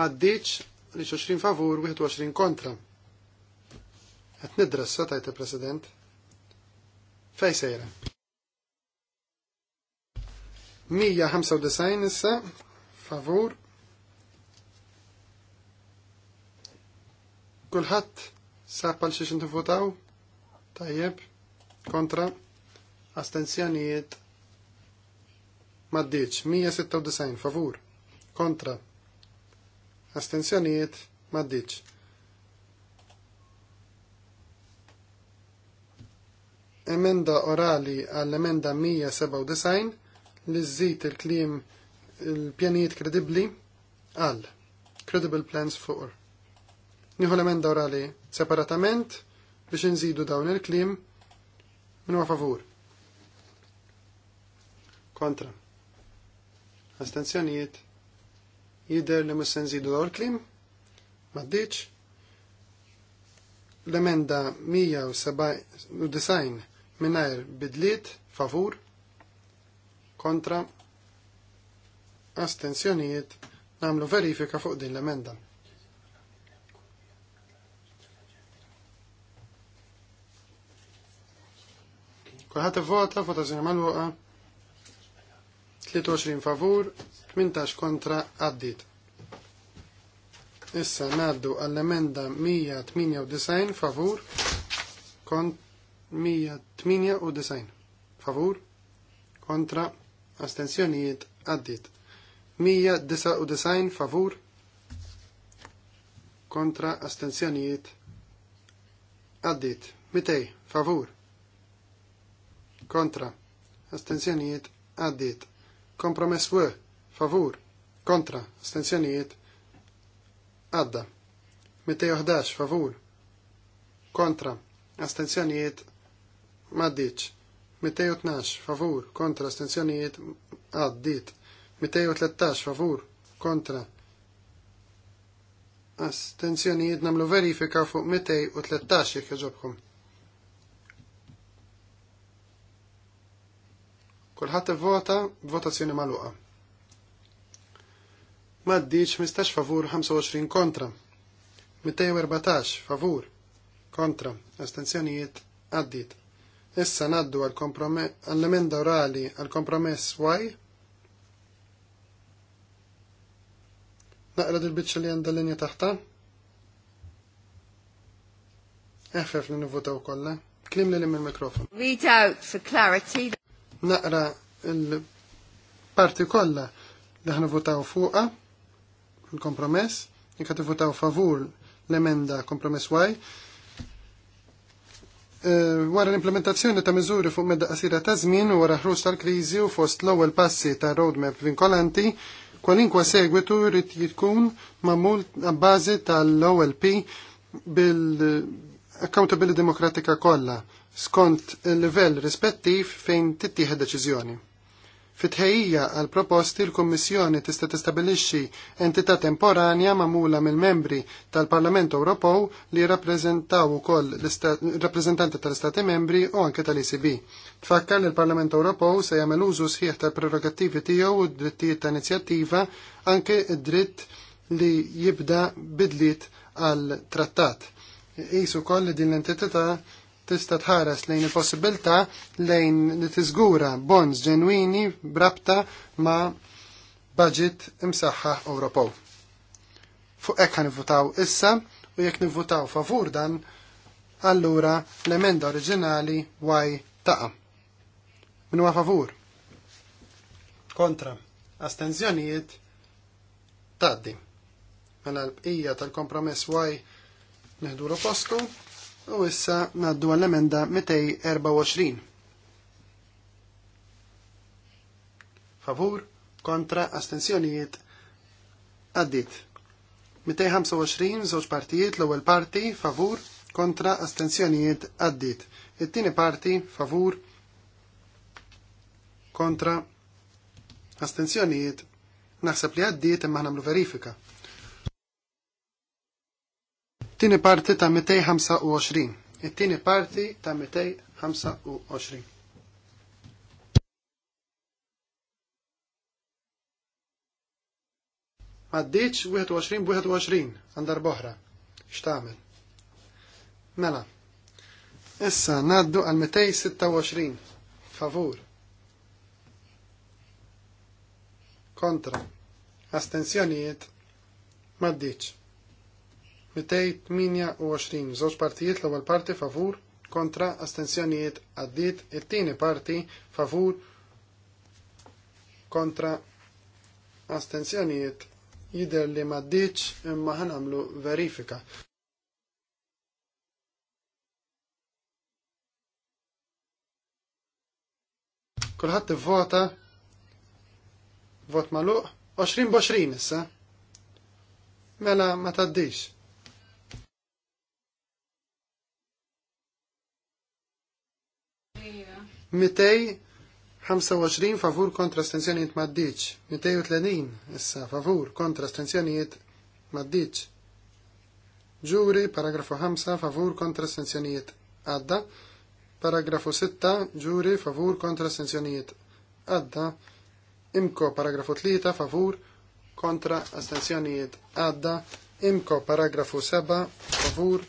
Maddiċ li 20 favur, 21 kontra. Qed nidressa tajt il-President. Fej sejra. 195 issa, favur. Kulħadd sab għal xiex votaw? Tajjeb, kontra, astenzjonijiet maddiċ, 196, favur, kontra, astenzjonijiet maddiċ. Emenda orali għall-emenda 197, li żżid il-kliem il-pjanijiet kredibbli għal credible plans for. Nieħu l-emenda orali separatament biex nżidu dawn il-kliem minn favur. Kontra. Astenzjonijiet jider li nżidu dawn il klim maddiċ, l-emenda 197 minnajr bidliet favur, kontra, astenzjonijiet, namlu verifika fuq din l-emenda. Kulħat vota, votazzjoni mal-woqa, 23 favur, 18 kontra għaddit. Issa naddu għall-emenda 198 favur kont 198 favur kontra astensjonijiet għaddit. 199 favur kontra astensjonijiet għaddit. 200 favur kontra astensjonijiet għaddit. Kompromess w favur kontra astensjonijiet għadda. 211 favur kontra astensjonijiet maddiċ tnax, favur kontra astenzjonijiet għaddit. tlettax favur kontra astenzjonijiet namlu verifika fuq u tlettax jekk jġobkom. Kulħadd vota votazzjoni magħluqa. Maddiċ mistax favur 25 kontra. erbatax favur kontra astenzjonijiet għaddit. Issa naddu għall-emenda orali għal-kompromess Y. Naqra dil-bicċa li għandha linja taħta. Eħfef li nivvotaw kollha. Klim li mill-mikrofon. Read out for clarity. Naqra l-parti kollha li ħan votaw fuqa il-kompromess, Nikat votaw favur l-emenda kompromess Y, Eh, wara l-implementazzjoni ta' miżuri fuq medda qasira ta' żmien wara ħruġ tal-kriżi u fost l-ewwel passi ta' roadmap vinkolanti, kwalinkwa segwitu rrid jkun mamul bażi tal-OLP bil-accountability eh, demokratika kollha skont il-livell rispettiv fejn tittieħed deċiżjoni. Fitħejja għal proposti l-Kommissjoni tista' tistabilixxi entità temporanja magħmula mill-membri tal-Parlament Ewropew li jirrappreżentaw ukoll rappreżentanti tal-Istati membri u anke tal-ECB. Tfakkar li l-Parlament Ewropew se jagħmel użu sħiħ tal-prerogattivi tiegħu u d-drittijiet ta' inizjattiva anke d-dritt li jibda bidliet għal trattat. Isu koll din l-entità tista tħares lejn il-possibilità lejn li tiżgura bonds ġenwini brabta ma' budget imsaħħa Ewropew. Fuq hekk votaw issa u jekk nivvutaw favur dan, allura l-emenda oriġinali waj taqa. Minu favur. Kontra. Astenzjonijiet taddi. Mela l-bqija tal-kompromess waj neħduru postu U issa naddu għall-emenda 224. Favur, kontra, astensjonijiet, għaddit. 225, zoċ partijiet, l-ewel parti, favur, kontra, astensjonijiet, għaddit. It-tini parti, favur, kontra, astensjonijiet, naħseb li għaddit imma ħnamlu verifika. Tini parti ta' 225. It-tini parti ta' 225. Maddiċ 21 21 għandar boħra. Xtamel. Mela. Issa naddu għal 226. Favur. Kontra. Astenzjonijiet. Maddiċ. 228 żewġ partijiet l-ewwel parti favur kontra astensjonijiet għaddiet, it-tieni parti favur kontra astensjonijiet jidher li m'għaddietx imma ħanamlu verifika. Kulħadd ivvota vot maluq 20 b'20 issa. Mela ma taddix. 225 favur kontra stenzjonijiet maddiċ. 230 issa favur kontra stenzjonijiet maddiċ. Ġuri, paragrafu 5, favur kontra stenzjonijiet għadda. Paragrafu 6, ġuri, favur kontra stenzjonijiet għadda. Imko, paragrafu 3, favur kontra astenzjonijiet għadda. Imko, paragrafu 7, favur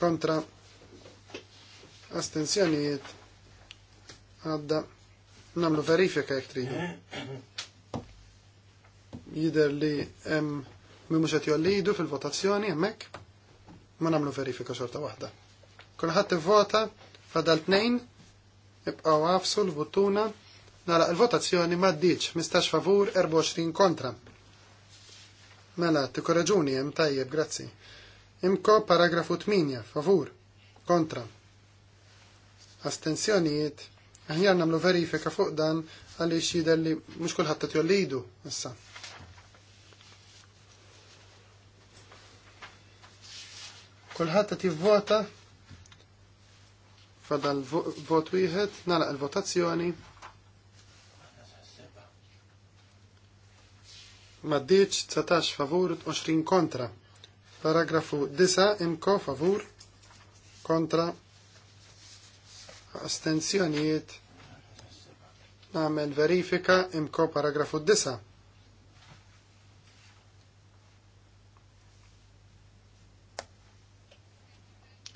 kontra astenzjonijiet għadda namlu verifika jek tridu. Jider li hemm mi mhux qed jollidu fil-votazzjoni hemmhekk ma namlu verifika xorta waħda. Kulħadd ivvota fadal tnejn ibqgħu għafsu l-votuna nara l-votazzjoni ma ddiċ 15 favur 24 kontra. Mela, raġuni hemm tajjeb, grazzi. Imko paragrafu 8, favur, kontra, astenzjonijiet, aħjar namlu verifika fuq dan għaliex jidher li mhux kulħadd t jollidu issa. Kulħadd qed jivvota fadal vot wieħed, nalaq il-votazzjoni. Maddiċ 19 favur 20 kontra. Paragrafu 9 imko favur kontra astenzjonijiet nagħmel verifika imko paragrafu 9.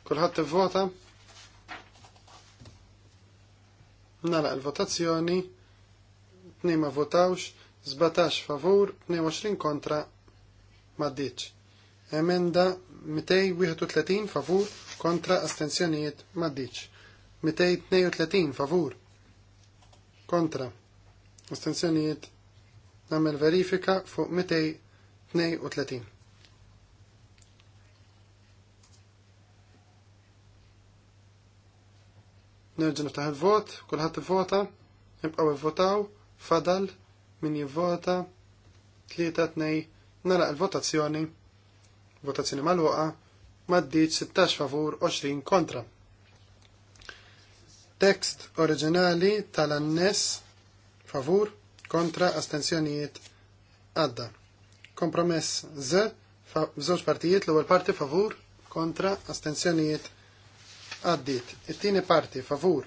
Kulħadd vota Nala l-votazzjoni, tnejn ma votawx, 17 favur, 22 kontra, maddiċ. Emenda 231 favur kontra astenzjonijiet maddiċ. 232 favur kontra ostensjonijiet namel verifika fuq 232. Nerġu niftaħ il-vot, kulħadd ivvota, nibqgħu votaw fadal min jivvota, tlieta tnej, naraq il-votazzjoni, votazzjoni mal-waqa, maddiċ 16 favur, 20 kontra. Tekst oriġinali tal-annes favur kontra astensjonijiet għadda. Kompromess Z f'żewġ partijiet l-ewwel parti favur kontra astensjonijiet għaddit. it parti favur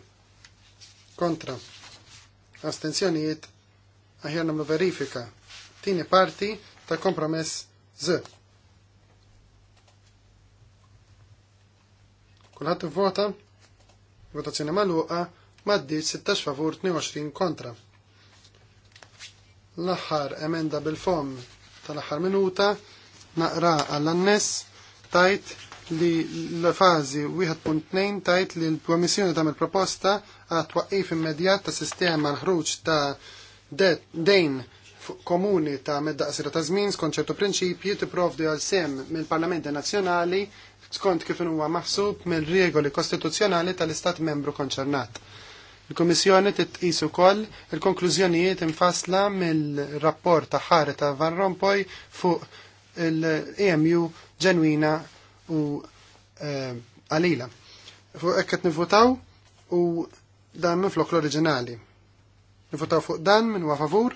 kontra astensjonijiet aħjar nagħmlu verifika. Tini parti ta' kompromess Z. Kulħat vota Votazzjoni maluqa maddi 16 favur 22 kontra. L-aħħar emenda bil-fom tal-aħħar minuta naqra għall-anness tajt li l-fazi 1.2 tajt li l-Komissjoni tagħmel proposta għat twaqqif immedjat ta' sistema l-ħruġ ta' dejn komuni ta' medda qasira ta' żmien skonċertu ċertu prinċipji tipprovdi għal sem mill-Parlamenti Nazzjonali skont kif huwa maħsub mill-regoli kostituzzjonali tal-Istat membru konċernat. Il-Komissjoni titqis ukoll il-konklużjonijiet infasla mill-rapport ta' ħare ta' Van Rompuy fuq il-EMU ġenwina u eh, għalila. Fuq hekk qed u dan minn flok l-oriġinali. Nivutaw fuq dan minn wa favur,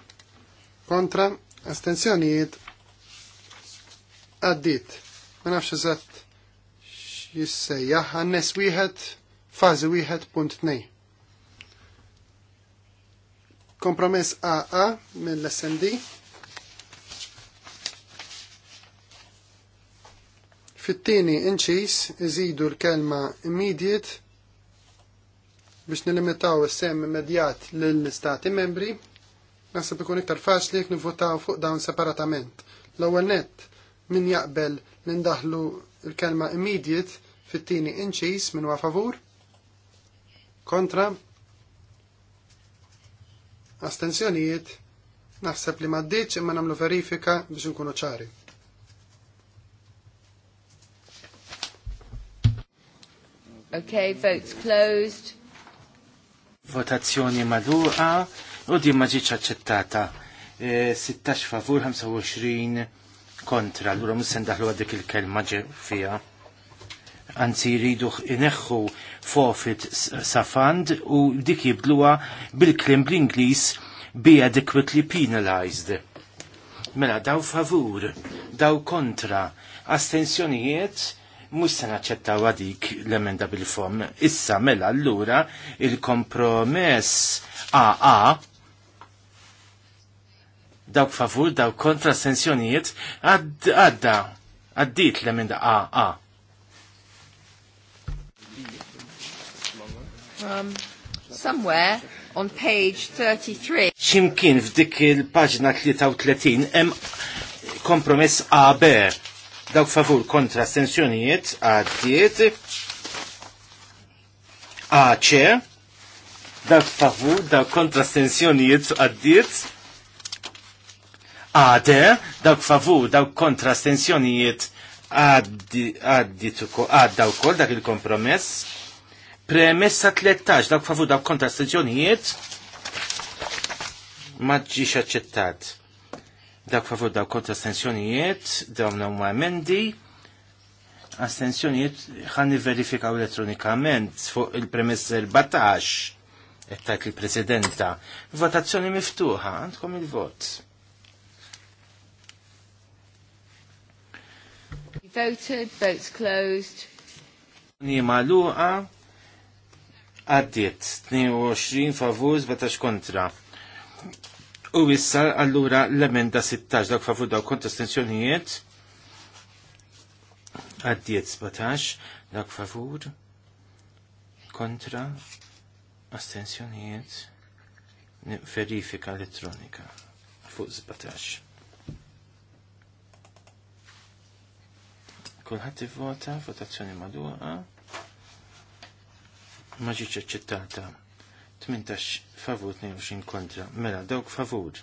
kontra, astenzjonijiet, għaddit. Ma nafx eżatt jissejjaħ għannes wieħed fażi wieħed punt nej. Kompromess AA mill-SND Fit-tieni inċis iżidu l-kelma immediate biex nilimitaw is-sem immedjat lill-istati membri, naħseb ikun iktar faċli jekk nivvotaw fuq dawn separatament. L-ewwel nett min jaqbel li ndaħlu l-kelma immediate fit-tieni inċis minn huwa favur kontra astenzjonijiet naħseb li maddiċ imma nagħmlu verifika biex nkunu ċari. Okay, votes closed. Votazzjoni madura u di maġiċ aċċettata. E, 16 favur, 25 kontra. L-għura mus daħlu għadik il-kelma ġe fija anzi jridu ineħħu forfit sa u dik jibdluha bil-klim bl-Ingliż be adequately penalized. Mela daw favur, daw kontra, astensjonijiet mux se naċċettaw dik l-emenda bil-fom. Issa mela allura il-kompromess AA dawk favur, dawk kontra astensjonijiet għadda għaddit l-emenda AA um, somewhere on page 33. Ximkien f'dik il-paġna 33 hemm kompromess AB. Dawk favur kontra stensjonijiet għaddiet. AC. Dawk favur, dawk kontra stensjonijiet għaddiet. AD. Dawk favur, dawk kontra stensjonijiet għaddiet ukoll għadda dak il-kompromess Premessa 13, dak favu dak kontra stazzjonijiet, maġġiċ aċċettat. Dak favu dak kontra astensjonijiet, dawn huma emendi, astensjonijiet ħanni verifikaw elettronikament fuq il-premessa 14, ettajt il-presidenta. Votazzjoni miftuħa, għandkom il-vot. Voted, votes closed. Nima luqa, għaddiet 22 favur batax kontra. U issa allura l-emenda 16 dak favur daw kontra stenzjonijiet għaddiet 17 dak favur kontra astensjonijiet verifika elettronika fuq 17. Kulħadd ivvota, votazzjoni madwaqa maġiċ ġiċ 18 favur 22 kontra. Mela, dawk favur.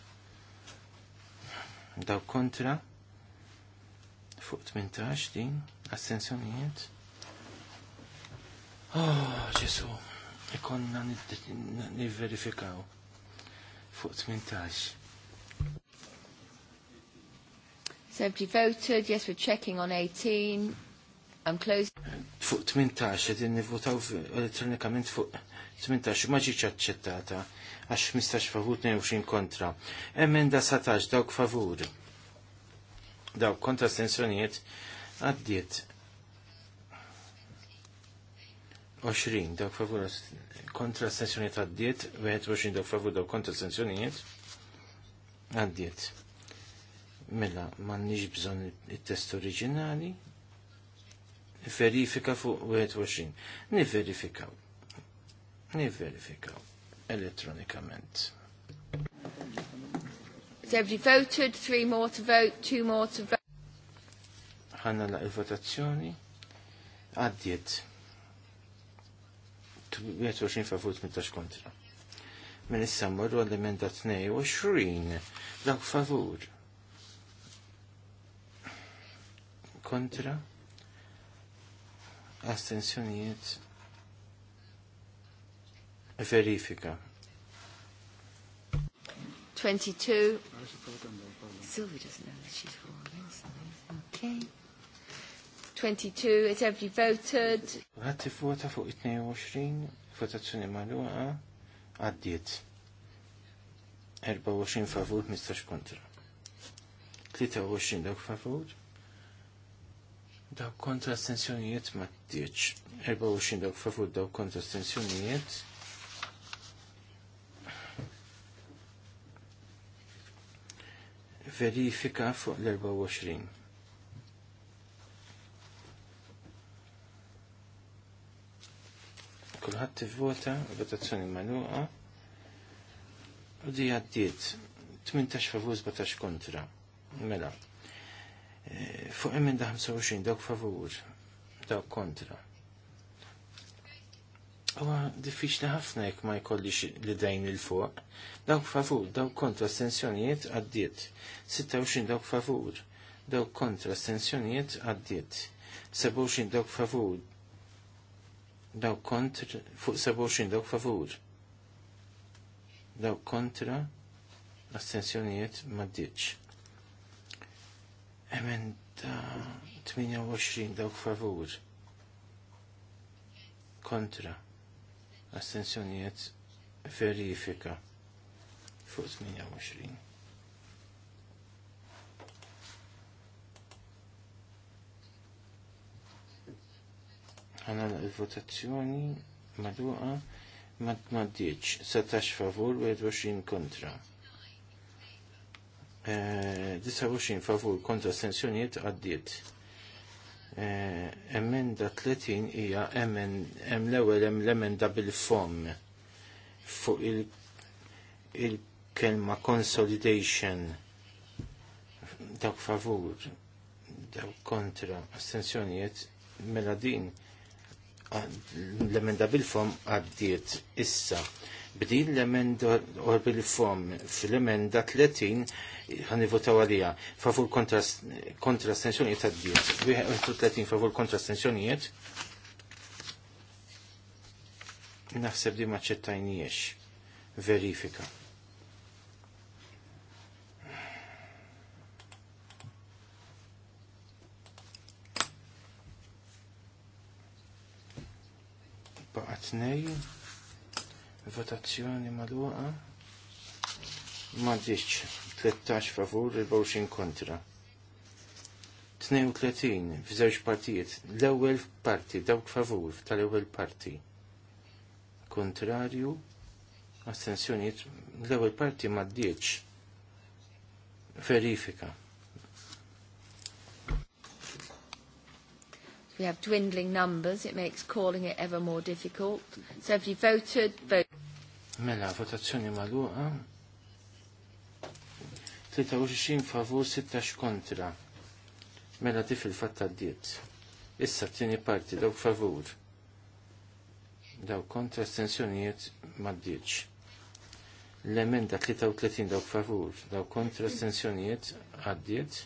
Dawk kontra. Fuq 18 din. Astensjonijiet. Oh, ġesu. Ikonna niverifikaw. Fuq 18. voted, yes, we're checking on 18. I'm closed. Fuq 18 din nivvotaw elettronikament fuq 18 ma ġiċ aċċettata għax 15 favur 22 kontra. Emenda 17 dawk favur. Dawk kontra stensjoniet, għaddiet 20 dawk favur kontra stensjoniet għaddiet, 21 dawk favur dawk kontra stensjoniet, għaddiet. Mela, man nix bżon il-test oriġinali, verifika fuq 21. Niverifikaw. Niverifikaw elettronikament. So have you voted? Three more to vote, two more to vote. Ħanna la il-votazzjoni. Għaddiet. 21 favut 18 kontra. Min mela issa mmorru għall-emenda 22 dawk favur. Kontra astensjonijiet e verifika. 22. Sylvie doesn't know that she's wrong. Okay. 22, has everybody voted? Għatti vota fuq 22, votazzjoni maluqa, għaddiet. 24 favur, 15 kontra. 23 dawk favur, Daw kontra astensjonijiet ma t-tieċ. 24 daw favur daw kontra astensjonijiet. Verifika fuq l-24. Kulħadd vota votazzjoni manuqa. U di għaddiet 18 favur 17 kontra. Mela, fuq da 25 dawk favur, dawk kontra. U diffiċli ħafna jekk ma jkollix li dejn il fuq Dawk favur, dawk kontra stensjonijiet għaddiet. 26 dawk favur, dawk kontra stensjonijiet għaddiet. 27 dawk favur, dawk kontra, fuq 27 dawk favur. Dawk kontra astensjonijiet ma ddiċ. Emenda uh, 28 dawk favur kontra astensjonijiet verifika fuq 28. Għana l-votazzjoni maduqa mad maddieċ, 17 favur u 20 kontra. 29 eh, favur kontra stensjoniet għaddiet. Eh, emenda 30 hija hemm l-ewwel hemm l-emenda bil-fom fuq il-kelma consolidation dawk favur dawk kontra astensjonijiet mela din l-emenda bil-fom għaddiet issa. Bdin l-emenda u bil-fom fil-emenda 30 ħanivotaw għalija. Favur kontra stensjonijiet għaddiet. 30 favur kontra stensjonijiet. Naħseb di maċċettajniex. Verifika. tnej, votazzjoni maluqa, ma diċ, 13 favur, 24 kontra. 32 f'żewġ partijiet, l-ewwel parti, dawk favur tal-ewwel parti. Kontrarju, astensjonijiet, l-ewwel parti ma diċ, verifika. we have dwindling numbers, it makes calling it ever more difficult. So if you voted, vote. Mela, votazzjoni maluqa. 23 favur, 16 kontra. Mela tif il fatta d-diet. Issa t-tini parti, dawk favur. Dawk kontra estensjonijiet ma d L-emenda 33 dawk favur, dawk kontra stensjonijiet għaddiet.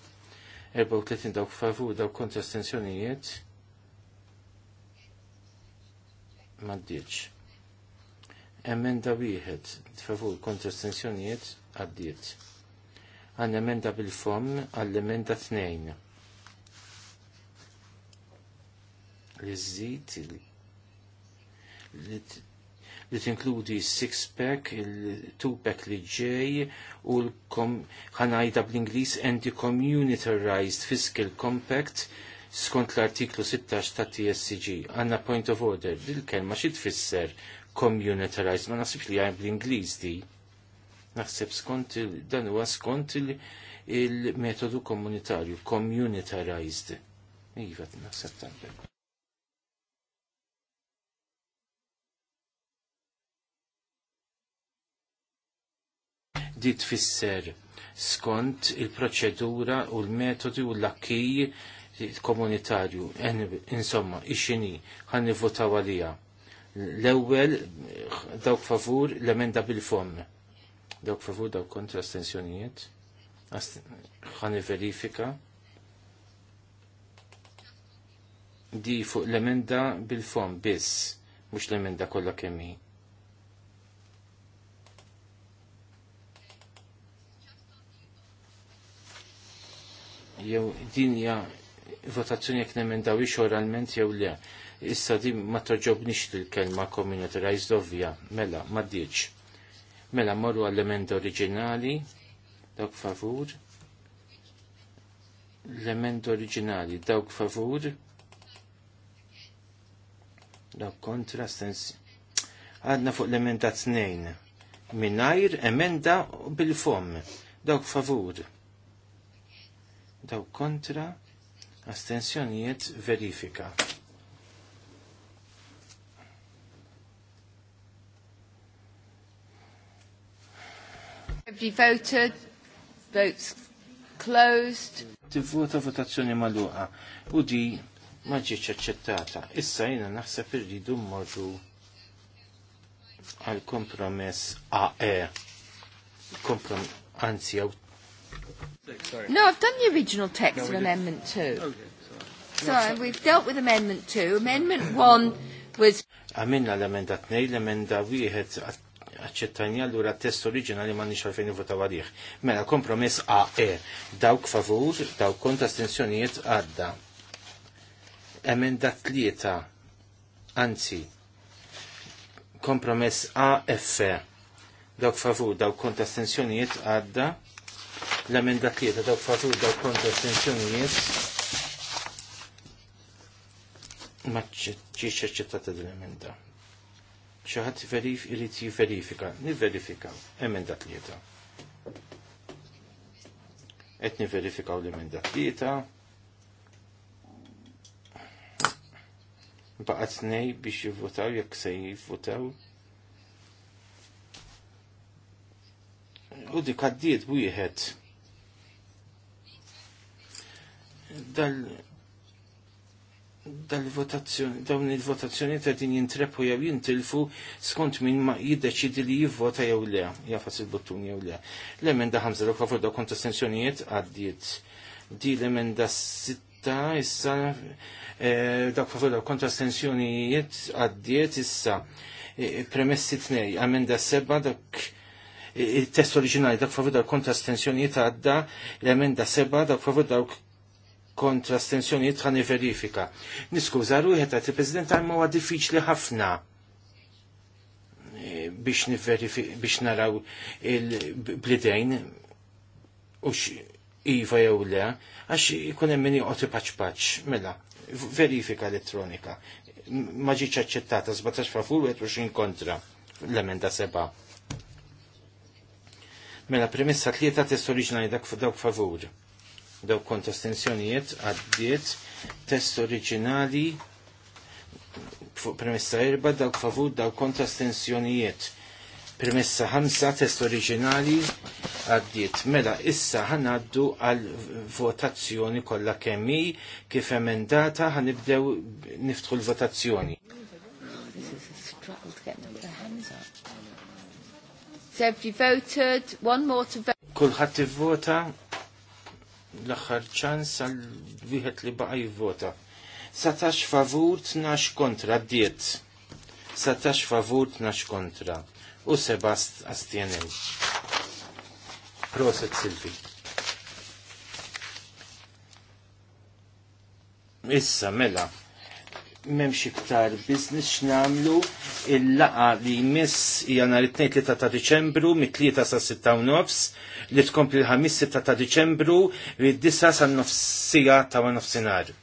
34 dawk favur, dawk kontra stensjonijiet maddiċ. Emenda wieħed favur kontra astensjonijiet għaddiet. Għan emenda bil-fom għall-emenda tnejn. Li żżid li tinkludi six-pack, il-two-pack li ġej u l-kom ħanajda bl-Inglis anti-communitarized fiscal compact skont l-artiklu 16 ta' TSCG. Għanna point of order, dil-kelma xi tfisser communitarized, ma nasibx li għajn bl inglis di. Naħseb skont dan huwa skont il-metodu komunitarju, communitarized. Iva, naħseb tanbel. Di tfisser skont il-proċedura u l-metodi u l-akkij komunitarju, insomma, ixini, ħan votaw għalija. L-ewel, dawk favur, l-emenda bil-fom. Dawk favur, dawk kontra astensjonijiet. ħan verifika. Di fuq l-emenda bil-fom, biss, mux l-emenda kolla kemmi. jew dinja votazzjoni jekk nemendaw ix oralment jew le. Issa di ma toġobnix il-kelma communitarized ovvja, mela, ma diċ. Mela morru għall-emenda oriġinali, dawk favur. L-emenda oriġinali, dawk favur. Dawk kontra, stens. Għadna fuq l-emenda t nejn Minajr, emenda bil-fom. Dawk favur. Dawk kontra, astensjonijiet verifika. Have you voted? Votes closed. Tivvota votazzjoni maluqa u di ma ġietx aċċettata. Issa jiena naħseb irridu mmorru għal kompromess AE. Kompromess. anzi Sorry. No, I've done the original text no, of Amendment 2. Okay, sorry. So we've dealt with Amendment 2. Amendment 1 was... Għamilna l-emenda 2, l-emenda 1 għacċettajni għallura test oriġinali ma nix għalfejn votaw għadih. Mela kompromess AE, dawk favur, dawk konta stenzjonijiet għadda. Emenda t-lieta, anzi, kompromess AF, dawk favur, dawk konta stenzjonijiet għadda l-emenda tlieta dawk favur dawk kontra astensjonijiet ma ġiex aċċettata dil-emenda. Xi ħadd verif irid jiverifika, nivverifikaw emenda tlieta. Qed niverifikaw l-emenda tlieta. Baqgħet nej biex jivvotaw jekk se jivvotaw u dik għaddiet wieħed. Dal dal-votazzjoni, dawn il-votazzjoni ta' din jintrepu jew jintilfu skont min ma jiddeċidi li jivvota jew le, jafas il-buttun jew le. L-emenda ħamsa l favur daw għaddiet. Di l-emenda sitta issa eh, daw favur daw kont għaddiet issa. Eh, premessi tnej, emenda seba dak il-test oriġinali dak favu dawk kontra stensjonijiet għadda l-emenda seba dak favu dawk kontra stensjonijiet ħani verifika. Niskuża ruħet għat il-President għamma huwa diffiċli ħafna eh, biex biex naraw il-blidejn u iva jew le, għax ikun hemm min joqgħod paċ mela, verifika elettronika. Ma ġietx aċċettata 17 favur u 20 kontra l-emenda seba' Mela premessa tlieta test oriġinali dak dawk favur. Dawk kont astensjonijiet għaddiet test oriġinali premessa erba dawk favur dawk kont astensjonijiet. Premessa ħamsa test oriġinali għaddiet. Mela issa ħanaddu għal votazzjoni kollha kemmi kif emendata ħanibdew niftħu l-votazzjoni. you voted, one more to vote. Kulħadd ivvota l-aħħar ċans għal wieħed li baqa' jivvota. Satax favur, tnax kontra, diet. Satax favur, tnax kontra. U sebast astjenew. Proset Silvi. Issa, mela memx iktar biznis xnamlu il-laqa li jmiss jana li 3 ta' Deċembru mit 3 sa' 6 ta' nofs li tkompli l-ħamis ta' Deċembru li 9 sa' nofsija ta' nofsinar.